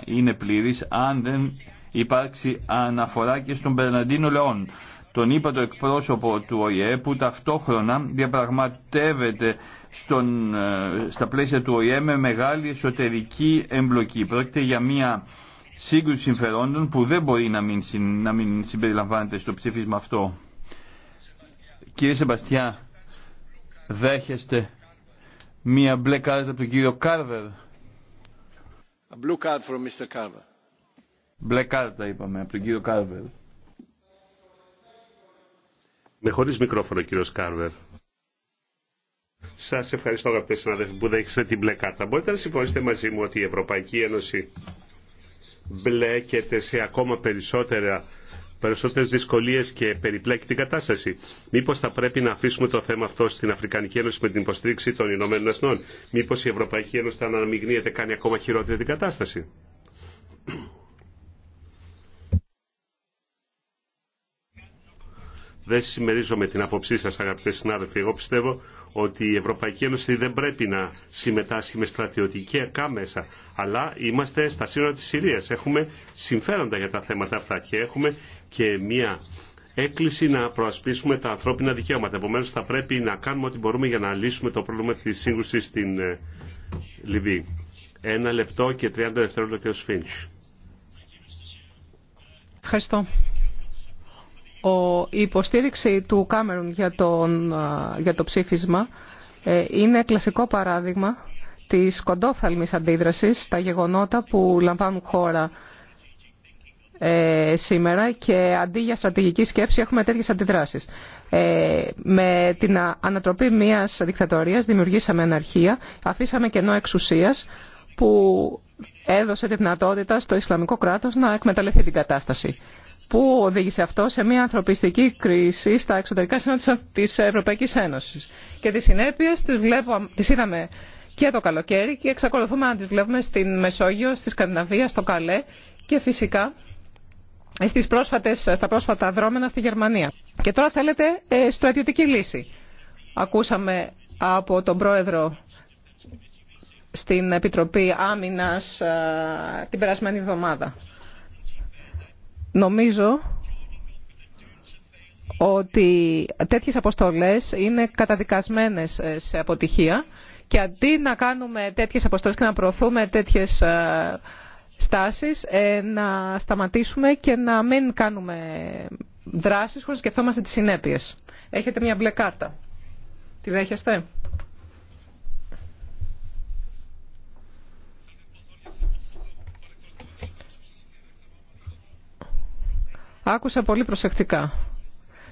είναι πλήρης αν δεν υπάρξει αναφορά και στον Περναντίνο Λεόν, τον είπα το εκπρόσωπο του ΟΗΕ που ταυτόχρονα διαπραγματεύεται στον, ε, στα πλαίσια του ΟΗΕ με μεγάλη εσωτερική εμπλοκή. Πρόκειται για μια σύγκρουση συμφερόντων που δεν μπορεί να μην, να συμπεριλαμβάνεται στο ψήφισμα αυτό. Κύριε Σεμπαστιά, δέχεστε μία μπλε κάρτα από τον κύριο Κάρβερ. A blue card Μπλε κάρτα είπαμε από τον κύριο Κάρβερ. Με χωρί μικρόφωνο κύριος Κάρβερ. Σας ευχαριστώ αγαπητέ συνάδελφοι που δέχεστε την μπλε κάρτα. Μπορείτε να συμφωνήσετε μαζί μου ότι η Ευρωπαϊκή Ένωση μπλέκεται σε ακόμα περισσότερα περισσότερες δυσκολίες και περιπλέκει την κατάσταση. Μήπως θα πρέπει να αφήσουμε το θέμα αυτό στην Αφρικανική Ένωση με την υποστήριξη των Ηνωμένων Εθνών. Μήπως η Ευρωπαϊκή Ένωση θα αναμειγνύεται κάνει ακόμα χειρότερη την κατάσταση. Δεν συμμερίζομαι την άποψή σα, αγαπητέ συνάδελφοι. Εγώ πιστεύω ότι η Ευρωπαϊκή Ένωση δεν πρέπει να συμμετάσχει με στρατιωτικά μέσα. Αλλά είμαστε στα σύνορα της Συρίας. Έχουμε συμφέροντα για τα θέματα αυτά και έχουμε και μία έκκληση να προασπίσουμε τα ανθρώπινα δικαιώματα. Επομένω, θα πρέπει να κάνουμε ό,τι μπορούμε για να λύσουμε το πρόβλημα της σύγκρουσης στην ε, Λιβύη. Ένα λεπτό και 30 δευτερόλεπτα, ο Σφίντ. Ευχαριστώ η υποστήριξη του Κάμερον για, τον, για το ψήφισμα ε, είναι κλασικό παράδειγμα της κοντόφθαλμης αντίδρασης στα γεγονότα που λαμβάνουν χώρα ε, σήμερα και αντί για στρατηγική σκέψη έχουμε τέτοιες αντιδράσεις. Ε, με την ανατροπή μιας δικτατορίας δημιουργήσαμε αναρχία, αφήσαμε κενό εξουσίας που έδωσε τη δυνατότητα στο Ισλαμικό κράτος να εκμεταλλευτεί την κατάσταση που οδήγησε αυτό σε μια ανθρωπιστική κρίση στα εξωτερικά σύνορα της Ευρωπαϊκής Ένωσης. Και τι συνέπειε, τι είδαμε και το καλοκαίρι και εξακολουθούμε να τι βλέπουμε στην Μεσόγειο, στη Σκανδιναβία, στο Καλέ και φυσικά στις πρόσφατες, στα πρόσφατα δρόμενα στη Γερμανία. Και τώρα θέλετε ε, στρατιωτική λύση. Ακούσαμε από τον πρόεδρο στην Επιτροπή Άμυνας ε, την περασμένη εβδομάδα. Νομίζω ότι τέτοιες αποστολές είναι καταδικασμένες ε, σε αποτυχία και αντί να κάνουμε τέτοιες αποστολές και να προωθούμε τέτοιες ε, στάσεις, ε, να σταματήσουμε και να μην κάνουμε δράσεις χωρίς σκεφτόμαστε τις συνέπειες. Έχετε μια μπλε κάρτα. Τη δέχεστε? Άκουσα πολύ προσεκτικά.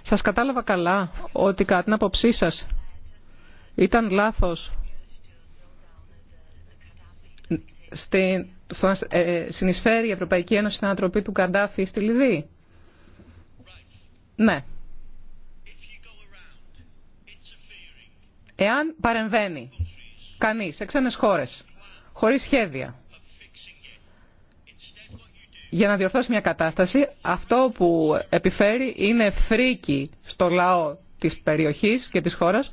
Σας κατάλαβα καλά ότι κατά την άποψή σας ήταν λάθος στην στο να ε, συνεισφέρει η Ευρωπαϊκή Ένωση στην ανατροπή του Καντάφη στη Λιβύη. Ναι. Εάν παρεμβαίνει κανείς σε ξένες χώρες, χωρίς σχέδια, για να διορθώσει μια κατάσταση, αυτό που επιφέρει είναι φρίκη στο λαό της περιοχής και της χώρας,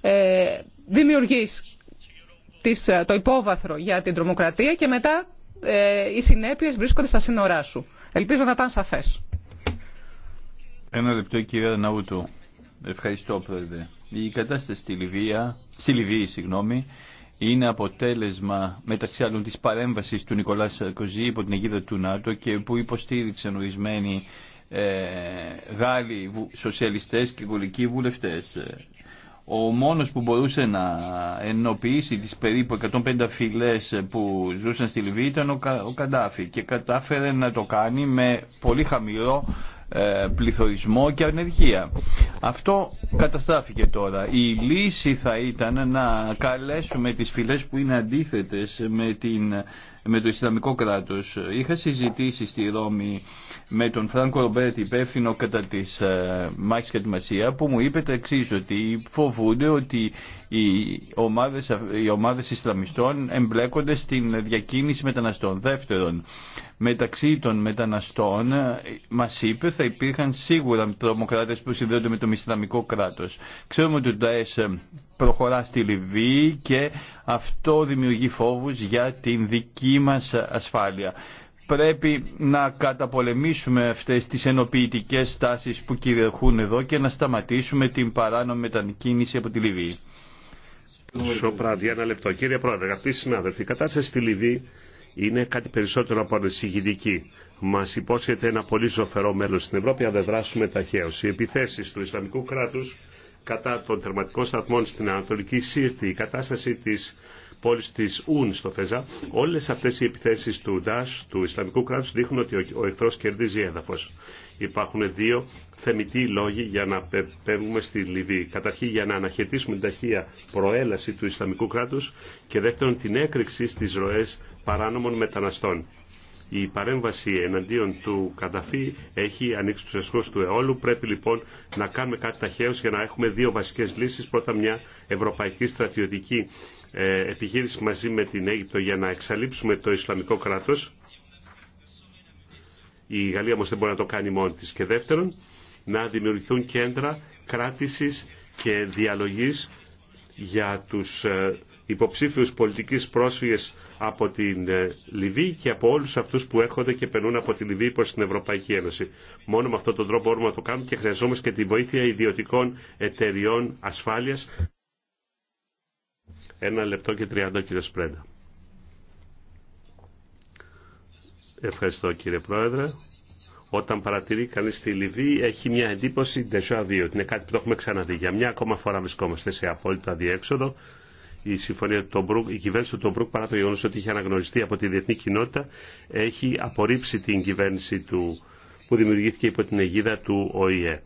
ε, δημιουργείς ε, το υπόβαθρο για την τρομοκρατία και μετά ε, οι συνέπειες βρίσκονται στα σύνορά σου. Ελπίζω να ήταν σαφές. Ένα λεπτό κύριε Ναούτου. Ευχαριστώ πρόεδρε. Η κατάσταση στη Λιβύη, στη Λιβύη συγγνώμη, είναι αποτέλεσμα μεταξύ άλλων της παρέμβασης του Νικολά Σαρκοζή υπό την αιγίδα του ΝΑΤΟ και που υποστήριξαν ορισμένοι ε, Γάλλοι σοσιαλιστές και γολικοί βουλευτές. Ε, ο μόνος που μπορούσε να εννοποιήσει τις περίπου 150 φυλές που ζούσαν στη Λιβύη ήταν ο, Κα, ο Καντάφη και κατάφερε να το κάνει με πολύ χαμηλό ε, πληθωρισμό και ανεργία. Αυτό καταστράφηκε τώρα. Η λύση θα ήταν να καλέσουμε τις φυλές που είναι αντίθετες με, την, με το Ισλαμικό κράτος. Είχα συζητήσει στη Ρώμη με τον Φράνκο Ρομπέρτη υπεύθυνο κατά της ε, μάχης τη Μασία που μου είπε τα εξή ότι φοβούνται ότι οι ομάδες, οι ομάδες Ισλαμιστών εμπλέκονται στην διακίνηση μεταναστών. Δεύτερον, μεταξύ των μεταναστών ε, μας είπε θα υπήρχαν σίγουρα τρομοκράτες που συνδέονται με το Ισλαμικό κράτος. Ξέρουμε ότι ο ε, προχωρά στη Λιβύη και αυτό δημιουργεί φόβους για την δική μας ασφάλεια πρέπει να καταπολεμήσουμε αυτές τις ενοποιητικές στάσεις που κυριαρχούν εδώ και να σταματήσουμε την παράνομη μετακίνηση από τη Λιβύη. Σοπράδια, ένα λεπτό. Κύριε Πρόεδρε, αγαπητοί συνάδελφοι, η κατάσταση στη Λιβύη είναι κάτι περισσότερο από ανησυχητική. Μα υπόσχεται ένα πολύ ζωφερό μέλλον στην Ευρώπη αν δεν δράσουμε ταχαίω. Οι επιθέσει του Ισλαμικού κράτου κατά των τερματικών σταθμών στην Ανατολική Σύρτη, η κατάσταση τη πόλης της Ούν στο Θεζά. Όλες αυτές οι επιθέσεις του Ντάς, του Ισλαμικού κράτους, δείχνουν ότι ο εχθρός κερδίζει έδαφος. Υπάρχουν δύο θεμητοί λόγοι για να παίρνουμε στη Λιβύη. Καταρχήν για να αναχαιτήσουμε την ταχεία προέλαση του Ισλαμικού κράτους και δεύτερον την έκρηξη στις ροές παράνομων μεταναστών η παρέμβαση εναντίον του Καταφή έχει ανοίξει τους εσχώς του αιώλου. Πρέπει λοιπόν να κάνουμε κάτι ταχαίως για να έχουμε δύο βασικές λύσεις. Πρώτα μια ευρωπαϊκή στρατιωτική ε, επιχείρηση μαζί με την Αίγυπτο για να εξαλείψουμε το Ισλαμικό κράτος. Η Γαλλία όμως δεν μπορεί να το κάνει μόνη της. Και δεύτερον, να δημιουργηθούν κέντρα κράτησης και διαλογής για τους ε, υποψήφιους πολιτικής πρόσφυγες από την ε, Λιβύη και από όλους αυτούς που έρχονται και περνούν από τη Λιβύη προς την Ευρωπαϊκή Ένωση. Μόνο με αυτόν τον τρόπο μπορούμε να το κάνουμε και χρειαζόμαστε και τη βοήθεια ιδιωτικών εταιριών ασφάλειας. Ένα λεπτό και τριάντα κύριε Σπρέντα. Ευχαριστώ κύριε Πρόεδρε. Όταν παρατηρεί κανείς τη Λιβύη, έχει μια εντύπωση déjà vu, ότι είναι κάτι που το έχουμε ξαναδεί. Για μια ακόμα φορά βρισκόμαστε σε απόλυτο αδιέξοδο η συμφωνία του Τομπρούκ, η κυβέρνηση του Τομπρούκ παρά το γεγονό ότι είχε αναγνωριστεί από τη διεθνή κοινότητα, έχει απορρίψει την κυβέρνηση του, που δημιουργήθηκε υπό την αιγίδα του ΟΗΕ.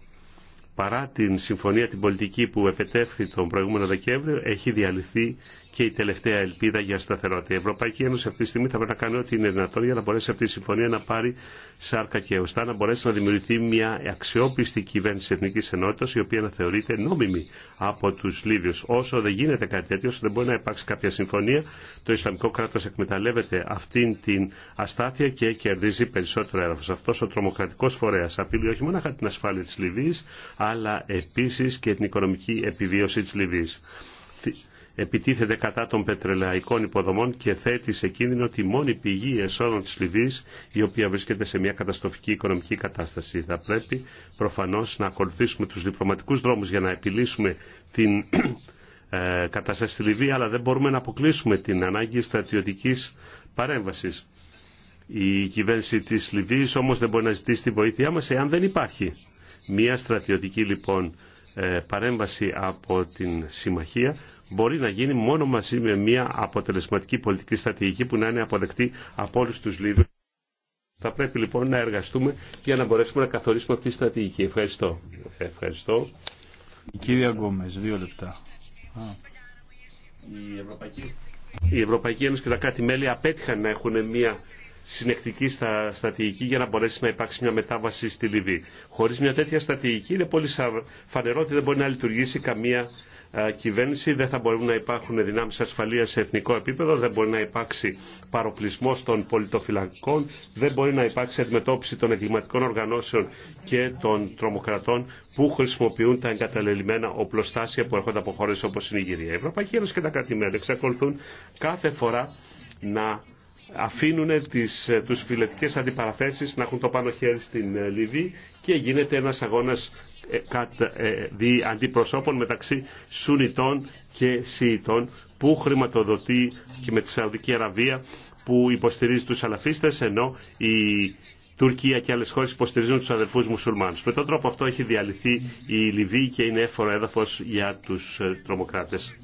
Παρά την συμφωνία την πολιτική που επετέφθη τον προηγούμενο Δεκέμβριο, έχει διαλυθεί και η τελευταία ελπίδα για σταθερότητα. Η Ευρωπαϊκή Ένωση αυτή τη στιγμή θα πρέπει να κάνει ό,τι είναι δυνατόν για να μπορέσει αυτή η συμφωνία να πάρει σάρκα και ουστά, να μπορέσει να δημιουργηθεί μια αξιόπιστη κυβέρνηση Εθνική Ενότητα, η οποία να θεωρείται νόμιμη από του Λίβιου. Όσο δεν γίνεται κάτι τέτοιο, όσο δεν μπορεί να υπάρξει κάποια συμφωνία, το Ισλαμικό κράτο εκμεταλλεύεται αυτήν την αστάθεια και κερδίζει περισσότερο έδαφο. Αυτό ο τρομοκρατικό φορέα απειλεί όχι μόνο την ασφάλεια τη Λιβύη, αλλά επίση και την οικονομική επιβίωση τη Λιβύη επιτίθεται κατά των πετρελαϊκών υποδομών και θέτει σε κίνδυνο τη μόνη πηγή εσόδων της Λιβύης η οποία βρίσκεται σε μια καταστροφική οικονομική κατάσταση. Θα πρέπει προφανώς να ακολουθήσουμε τους διπλωματικούς δρόμους για να επιλύσουμε την ε, κατάσταση στη Λιβύη αλλά δεν μπορούμε να αποκλείσουμε την ανάγκη στρατιωτικής παρέμβασης. Η κυβέρνηση της Λιβύης όμως δεν μπορεί να ζητήσει τη βοήθειά μας εάν δεν υπάρχει. Μια στρατιωτική λοιπόν ε, παρέμβαση από την Συμμαχία μπορεί να γίνει μόνο μαζί με μια αποτελεσματική πολιτική στρατηγική που να είναι αποδεκτή από όλου του λίδου. Θα πρέπει λοιπόν να εργαστούμε για να μπορέσουμε να καθορίσουμε αυτή τη στρατηγική. Ευχαριστώ. Ευχαριστώ. Η δύο λεπτά. Η Ευρωπαϊκή... Η Ευρωπαϊκή Ένωση και τα κράτη-μέλη απέτυχαν να έχουν μια συνεκτική στα στρατηγική για να μπορέσει να υπάρξει μια μετάβαση στη Λιβύη. Χωρί μια τέτοια στρατηγική είναι πολύ φανερό ότι δεν μπορεί να λειτουργήσει καμία κυβέρνηση, δεν θα μπορούν να υπάρχουν δυνάμεις ασφαλείας σε εθνικό επίπεδο, δεν μπορεί να υπάρξει παροπλισμός των πολιτοφυλακών, δεν μπορεί να υπάρξει αντιμετώπιση των εγκληματικών οργανώσεων και των τρομοκρατών που χρησιμοποιούν τα εγκαταλελειμμένα οπλοστάσια που έρχονται από χώρε όπω είναι η Γυρία. Η Ευρωπαϊκή Ένωση και τα κρατη εξακολουθούν κάθε φορά να αφήνουν τις, τους φιλετικές αντιπαραθέσεις να έχουν το πάνω χέρι στην ε, Λιβύη και γίνεται ένας αγώνας ε, αντιπροσώπων μεταξύ Σουνιτών και Σιητών που χρηματοδοτεί και με τη Σαουδική Αραβία που υποστηρίζει τους αλαφίστες ενώ η Τουρκία και άλλες χώρες υποστηρίζουν τους αδερφούς μουσουλμάνους. Με τον τρόπο αυτό έχει διαλυθεί η Λιβύη και είναι έφορο έδαφος για τους ε, τρομοκράτες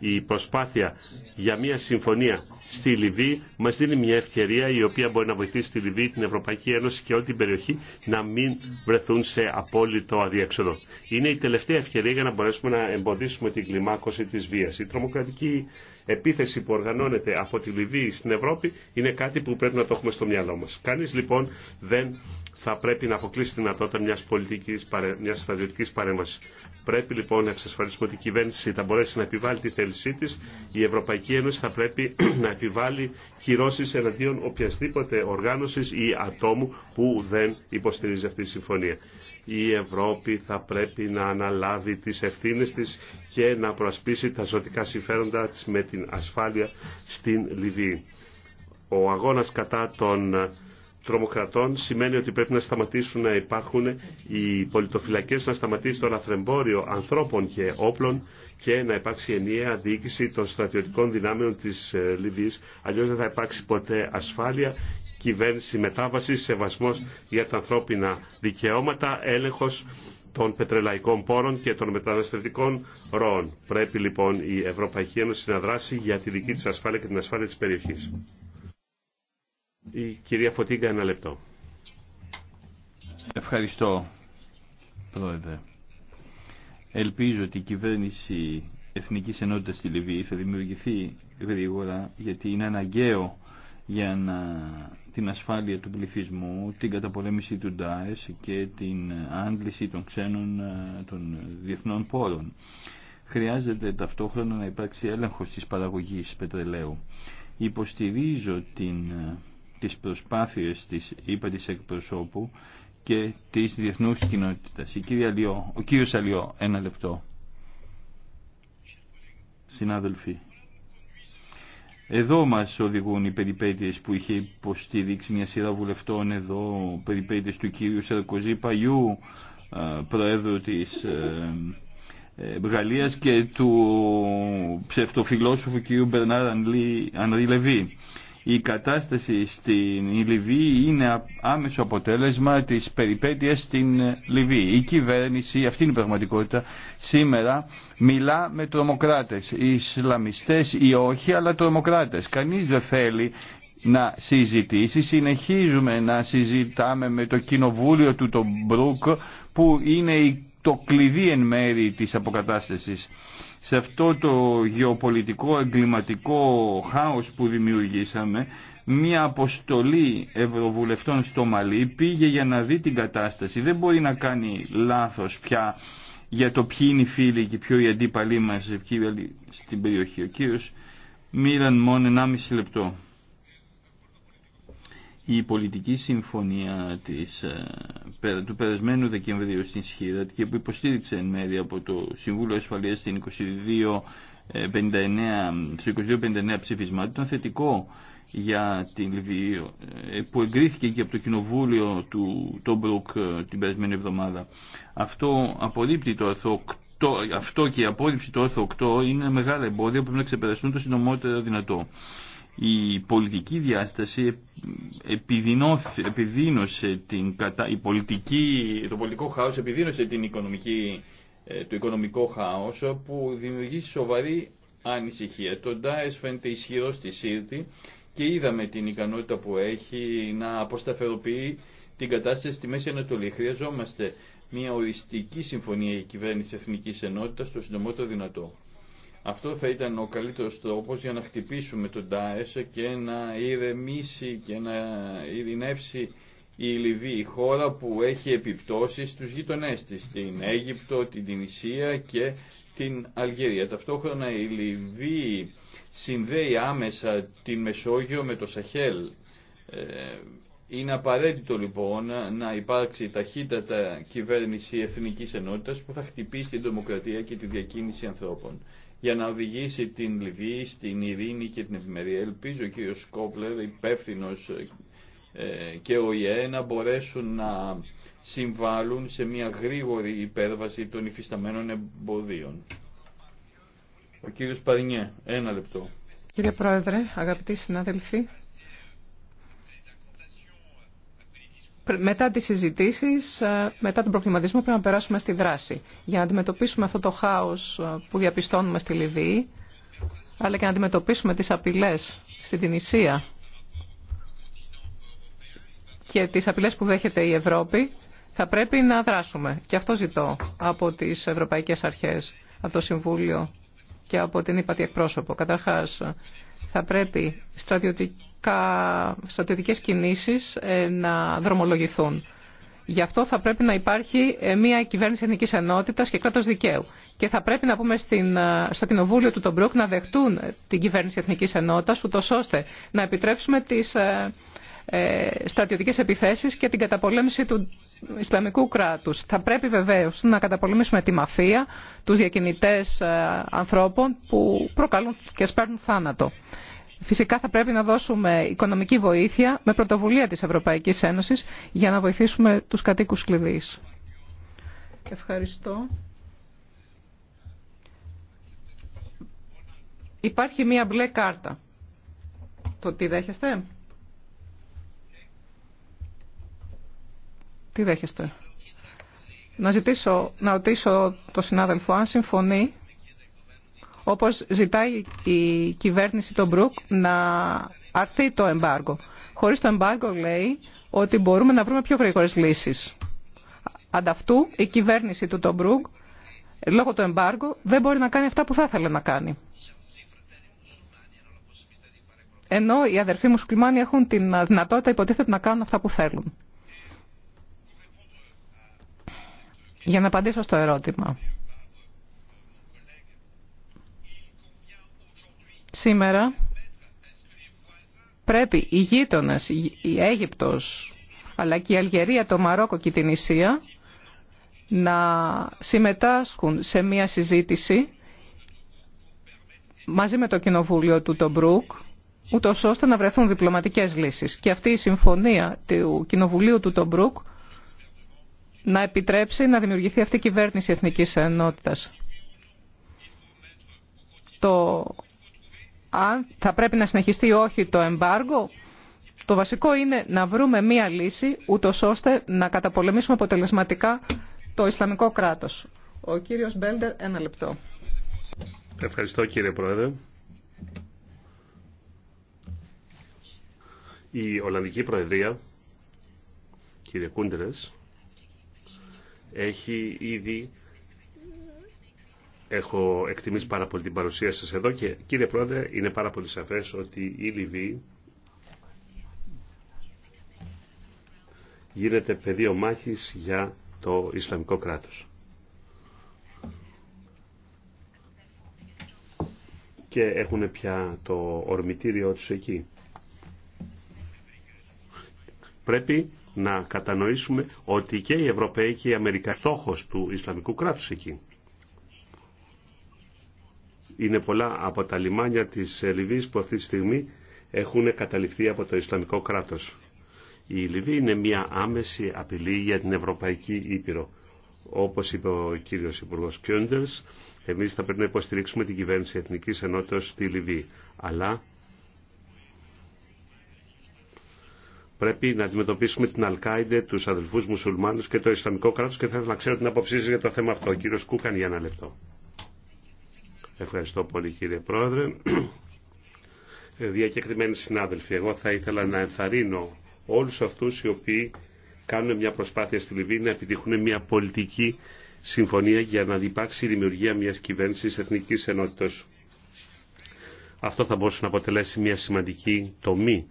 η προσπάθεια για μια συμφωνία στη Λιβύη μα δίνει μια ευκαιρία η οποία μπορεί να βοηθήσει τη Λιβύη, την Ευρωπαϊκή Ένωση και όλη την περιοχή να μην βρεθούν σε απόλυτο αδιέξοδο. Είναι η τελευταία ευκαιρία για να μπορέσουμε να εμποδίσουμε την κλιμάκωση τη βία. Η τρομοκρατική επίθεση που οργανώνεται από τη Λιβύη στην Ευρώπη είναι κάτι που πρέπει να το έχουμε στο μυαλό μα. Κανεί λοιπόν δεν θα πρέπει να αποκλείσει τη δυνατότητα μια πολιτικής, παρέμβαση. Πρέπει λοιπόν να εξασφαλίσουμε ότι η κυβέρνηση θα μπορέσει να επιβάλλει τη θέλησή τη. Η Ευρωπαϊκή Ένωση θα πρέπει να επιβάλλει κυρώσει εναντίον οποιασδήποτε οργάνωση ή ατόμου που δεν υποστηρίζει αυτή τη συμφωνία. Η Ευρώπη θα πρέπει να αναλάβει τις ευθύνες της και να προασπίσει τα ζωτικά συμφέροντα της με την ασφάλεια στην Λιβύη. Ο αγώνας κατά των τρομοκρατών σημαίνει ότι πρέπει να σταματήσουν να υπάρχουν οι πολιτοφυλακές, να σταματήσει το λαθρεμπόριο ανθρώπων και όπλων και να υπάρξει ενιαία διοίκηση των στρατιωτικών δυνάμεων της ε, Λιβύης. Αλλιώς δεν θα υπάρξει ποτέ ασφάλεια, κυβέρνηση μετάβαση, σεβασμός για τα ανθρώπινα δικαιώματα, έλεγχος των πετρελαϊκών πόρων και των μεταναστευτικών ροών. Πρέπει λοιπόν η Ευρωπαϊκή Ένωση να δράσει για τη δική της ασφάλεια και την ασφάλεια της περιοχής. Η κυρία Φωτίγκα, ένα λεπτό. Ευχαριστώ, Πρόεδρε. Ελπίζω ότι η κυβέρνηση Εθνικής Ενότητας στη Λιβύη θα δημιουργηθεί γρήγορα γιατί είναι αναγκαίο για την ασφάλεια του πληθυσμού, την καταπολέμηση του ΝΤΑΕΣ και την άντληση των ξένων ε, των διεθνών πόρων. Χρειάζεται ταυτόχρονα να υπάρξει έλεγχος της παραγωγής πετρελαίου. Υποστηρίζω την ε, τις προσπάθειες της ΥΠΑ εκπροσώπου και της διεθνούς κοινότητας. ο κύριος Αλιώ, ένα λεπτό. Συνάδελφοι, εδώ μας οδηγούν οι περιπέτειες που είχε υποστήριξει μια σειρά βουλευτών εδώ, περιπέτειες του κύριου Σερκοζή Παγιού, ε, προέδρου της ε, ε, Γαλλίας και του ψευτοφιλόσοφου κυρίου Μπερνάρ Ανρί Λεβί. Η κατάσταση στην Λιβύη είναι άμεσο αποτέλεσμα της περιπέτειας στην Λιβύη. Η κυβέρνηση, αυτή είναι η πραγματικότητα, σήμερα μιλά με τρομοκράτες. Οι Ισλαμιστές ή όχι, αλλά τρομοκράτες. Κανείς δεν θέλει να συζητήσει. Συνεχίζουμε να συζητάμε με το κοινοβούλιο του τον Μπρουκ που είναι το κλειδί εν μέρη της αποκατάστασης σε αυτό το γεωπολιτικό εγκληματικό χάος που δημιουργήσαμε, μια αποστολή ευρωβουλευτών στο Μαλί πήγε για να δει την κατάσταση. Δεν μπορεί να κάνει λάθος πια για το ποιοι είναι οι φίλοι και ποιοι οι αντίπαλοι μας στην περιοχή. Ο κύριος Μίλαν μόνο 1,5 λεπτό η πολιτική συμφωνία ε, του περασμένου Δεκεμβρίου στην Σχήρα και που υποστήριξε εν μέρει από το Συμβούλιο Ασφαλείας στην 22 στο 2259 ψήφισμα ήταν θετικό για την Λιβύη ε, που εγκρίθηκε και από το κοινοβούλιο του Τόμπρουκ ε, την περασμένη εβδομάδα. Αυτό απορρίπτει το ΑΘΟΚ αυτό και η απόρριψη του άρθρου 8 είναι μεγάλα εμπόδια που πρέπει να ξεπεραστούν το συντομότερο δυνατό η πολιτική διάσταση επιδίνωσε την η πολιτική... το πολιτικό χάος επιδίνωσε την οικονομική... Ε, το οικονομικό χάος που δημιουργεί σοβαρή ανησυχία. Το Ντάες φαίνεται ισχυρό στη Σύρτη και είδαμε την ικανότητα που έχει να αποσταθεροποιεί την κατάσταση στη Μέση Ανατολή. Χρειαζόμαστε μια οριστική συμφωνία η κυβέρνηση Εθνικής Ενότητας το συντομότερο δυνατό. Αυτό θα ήταν ο καλύτερος τρόπος για να χτυπήσουμε τον ΤΑΕΣ και να ηρεμήσει και να ειρηνεύσει η Λιβύη, η χώρα που έχει επιπτώσεις στους γειτονές της, την Αίγυπτο, την Τινησία και την Αλγερία. Ταυτόχρονα η Λιβύη συνδέει άμεσα την Μεσόγειο με το Σαχέλ. Ε, είναι απαραίτητο λοιπόν να υπάρξει ταχύτατα κυβέρνηση εθνικής ενότητας που θα χτυπήσει την δημοκρατία και τη διακίνηση ανθρώπων για να οδηγήσει την Λιβύη στην ειρήνη και την ευημερία. Ελπίζω και ο Σκόπλερ, υπεύθυνο ε, και ο ΙΕ να μπορέσουν να συμβάλλουν σε μια γρήγορη υπέρβαση των υφισταμένων εμποδίων. Ο κύριος Παρινιέ, ένα λεπτό. Κύριε Πρόεδρε, αγαπητοί συνάδελφοι, μετά τις συζητήσεις, ε, μετά τον προβληματισμό πρέπει να περάσουμε στη δράση για να αντιμετωπίσουμε αυτό το χάος ε, που διαπιστώνουμε στη Λιβύη αλλά και να αντιμετωπίσουμε τις απειλές στην Τινησία και τις απειλές που δέχεται η Ευρώπη θα πρέπει να δράσουμε. Και αυτό ζητώ από τις Ευρωπαϊκές Αρχές, από το Συμβούλιο και από την ΥΠΑΤΗ εκπρόσωπο. Καταρχάς, θα πρέπει στρατιωτική στρατιωτικές κινήσεις ε, να δρομολογηθούν. Γι' αυτό θα πρέπει να υπάρχει ε, μια κυβέρνηση εθνική ενότητα και κράτο δικαίου. Και θα πρέπει να πούμε στην, ε, στο κοινοβούλιο του τον να δεχτούν την κυβέρνηση εθνική ενότητα, ούτω ώστε να επιτρέψουμε τι ε, στρατιωτικές επιθέσεις και την καταπολέμηση του Ισλαμικού κράτους. Θα πρέπει βεβαίως να καταπολεμήσουμε τη μαφία, τους διακινητές ανθρώπων που προκαλούν και σπέρνουν θάνατο. Φυσικά θα πρέπει να δώσουμε οικονομική βοήθεια με πρωτοβουλία της Ευρωπαϊκής Ένωσης για να βοηθήσουμε τους κατοίκους κλειδίς. Ευχαριστώ. Υπάρχει μία μπλε κάρτα. Το τι δέχεστε. Τι δέχεστε. Να ζητήσω, να ρωτήσω το συνάδελφο αν συμφωνεί όπως ζητάει η κυβέρνηση των Μπρουκ να αρθεί το εμπάργο. Χωρίς το εμπάργο λέει ότι μπορούμε να βρούμε πιο γρήγορες λύσεις. Ανταυτού η κυβέρνηση του τον Μπρουκ λόγω του εμπάργου δεν μπορεί να κάνει αυτά που θα ήθελε να κάνει. Ενώ οι αδερφοί μουσουλμάνοι έχουν την δυνατότητα υποτίθεται να κάνουν αυτά που θέλουν. Για να απαντήσω στο ερώτημα Σήμερα πρέπει οι γείτονες, η Αίγυπτος, αλλά και η Αλγερία, το Μαρόκο και την Ισία να συμμετάσχουν σε μία συζήτηση μαζί με το Κοινοβούλιο του Τομπρούκ, ούτω ώστε να βρεθούν διπλωματικέ λύσεις. Και αυτή η συμφωνία του Κοινοβουλίου του Τομπρούκ να επιτρέψει να δημιουργηθεί αυτή η κυβέρνηση εθνική ενότητα, Το αν θα πρέπει να συνεχιστεί ή όχι το εμπάργο. Το βασικό είναι να βρούμε μία λύση, ούτω ώστε να καταπολεμήσουμε αποτελεσματικά το Ισλαμικό κράτος. Ο κύριος Μπέλντερ, ένα λεπτό. Ευχαριστώ κύριε Πρόεδρε. οχι το εμπαργκο το βασικο ειναι Προεδρία, κύριε Κούντερες, έχει ήδη Έχω εκτιμήσει πάρα πολύ την παρουσία σας εδώ και κύριε Πρόεδρε είναι πάρα πολύ σαφές ότι η Λιβύη γίνεται πεδίο μάχης για το Ισλαμικό κράτος. Και έχουν πια το ορμητήριό τους εκεί. Πρέπει να κατανοήσουμε ότι και οι Ευρωπαίοι και οι Αμερικανοί στόχος του Ισλαμικού κράτους εκεί. Είναι πολλά από τα λιμάνια της Λιβύης που αυτή τη στιγμή έχουν καταληφθεί από το Ισλαμικό κράτος. Η Λιβύη είναι μια άμεση απειλή για την Ευρωπαϊκή Ήπειρο. Όπως είπε ο κύριος Υπουργός Κιόντερς, εμείς θα πρέπει να υποστηρίξουμε την κυβέρνηση Εθνικής Ενότητας στη Λιβύη. Αλλά πρέπει να αντιμετωπίσουμε την Αλκάιντε, του αδελφούς μουσουλμάνους και το Ισλαμικό κράτος και θα να ξέρω την άποψή για το θέμα αυτό. Ο κύριο Κούκαν για ένα λεπτό. Ευχαριστώ πολύ κύριε Πρόεδρε. Διακεκριμένοι συνάδελφοι, εγώ θα ήθελα να ενθαρρύνω όλους αυτούς οι οποίοι κάνουν μια προσπάθεια στη Λιβύη να επιτυχούν μια πολιτική συμφωνία για να υπάρξει η δημιουργία μιας κυβέρνησης εθνικής ενότητας. Αυτό θα μπορούσε να αποτελέσει μια σημαντική τομή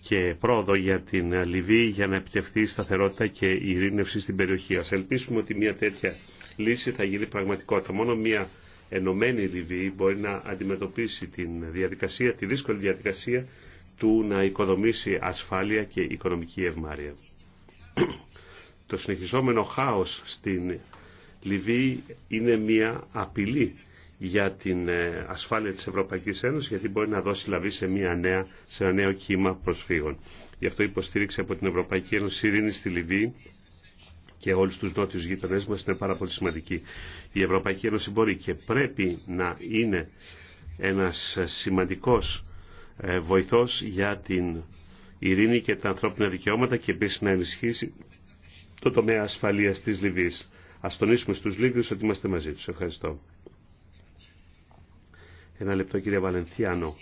και πρόοδο για την Λιβύη για να επιτευχθεί η σταθερότητα και η ειρήνευση στην περιοχή. Ας ελπίσουμε ότι μια τέτοια λύση θα γίνει πραγματικότητα. Μόνο μια ενωμένη Λιβύη μπορεί να αντιμετωπίσει την διαδικασία, τη δύσκολη διαδικασία του να οικοδομήσει ασφάλεια και οικονομική ευμάρεια. Το συνεχιζόμενο χάος στην Λιβύη είναι μια απειλή για την ε, ασφάλεια της Ευρωπαϊκής Ένωσης γιατί μπορεί να δώσει λαβή σε, μια νέα, σε ένα νέο κύμα προσφύγων. Γι' αυτό υποστήριξε από την Ευρωπαϊκή Ένωση ειρήνη στη Λιβύη και όλους τους νότιους γείτονές μας είναι πάρα πολύ σημαντική. Η Ευρωπαϊκή Ένωση μπορεί και πρέπει να είναι ένας σημαντικός ε, βοηθός για την ειρήνη και τα ανθρώπινα δικαιώματα και επίσης να ενισχύσει το τομέα ασφαλείας της Λιβύης. Ας τονίσουμε στους Λίβιους ότι είμαστε μαζί τους. Ευχαριστώ. Ένα λεπτό κύριε Βαλενθιάνο.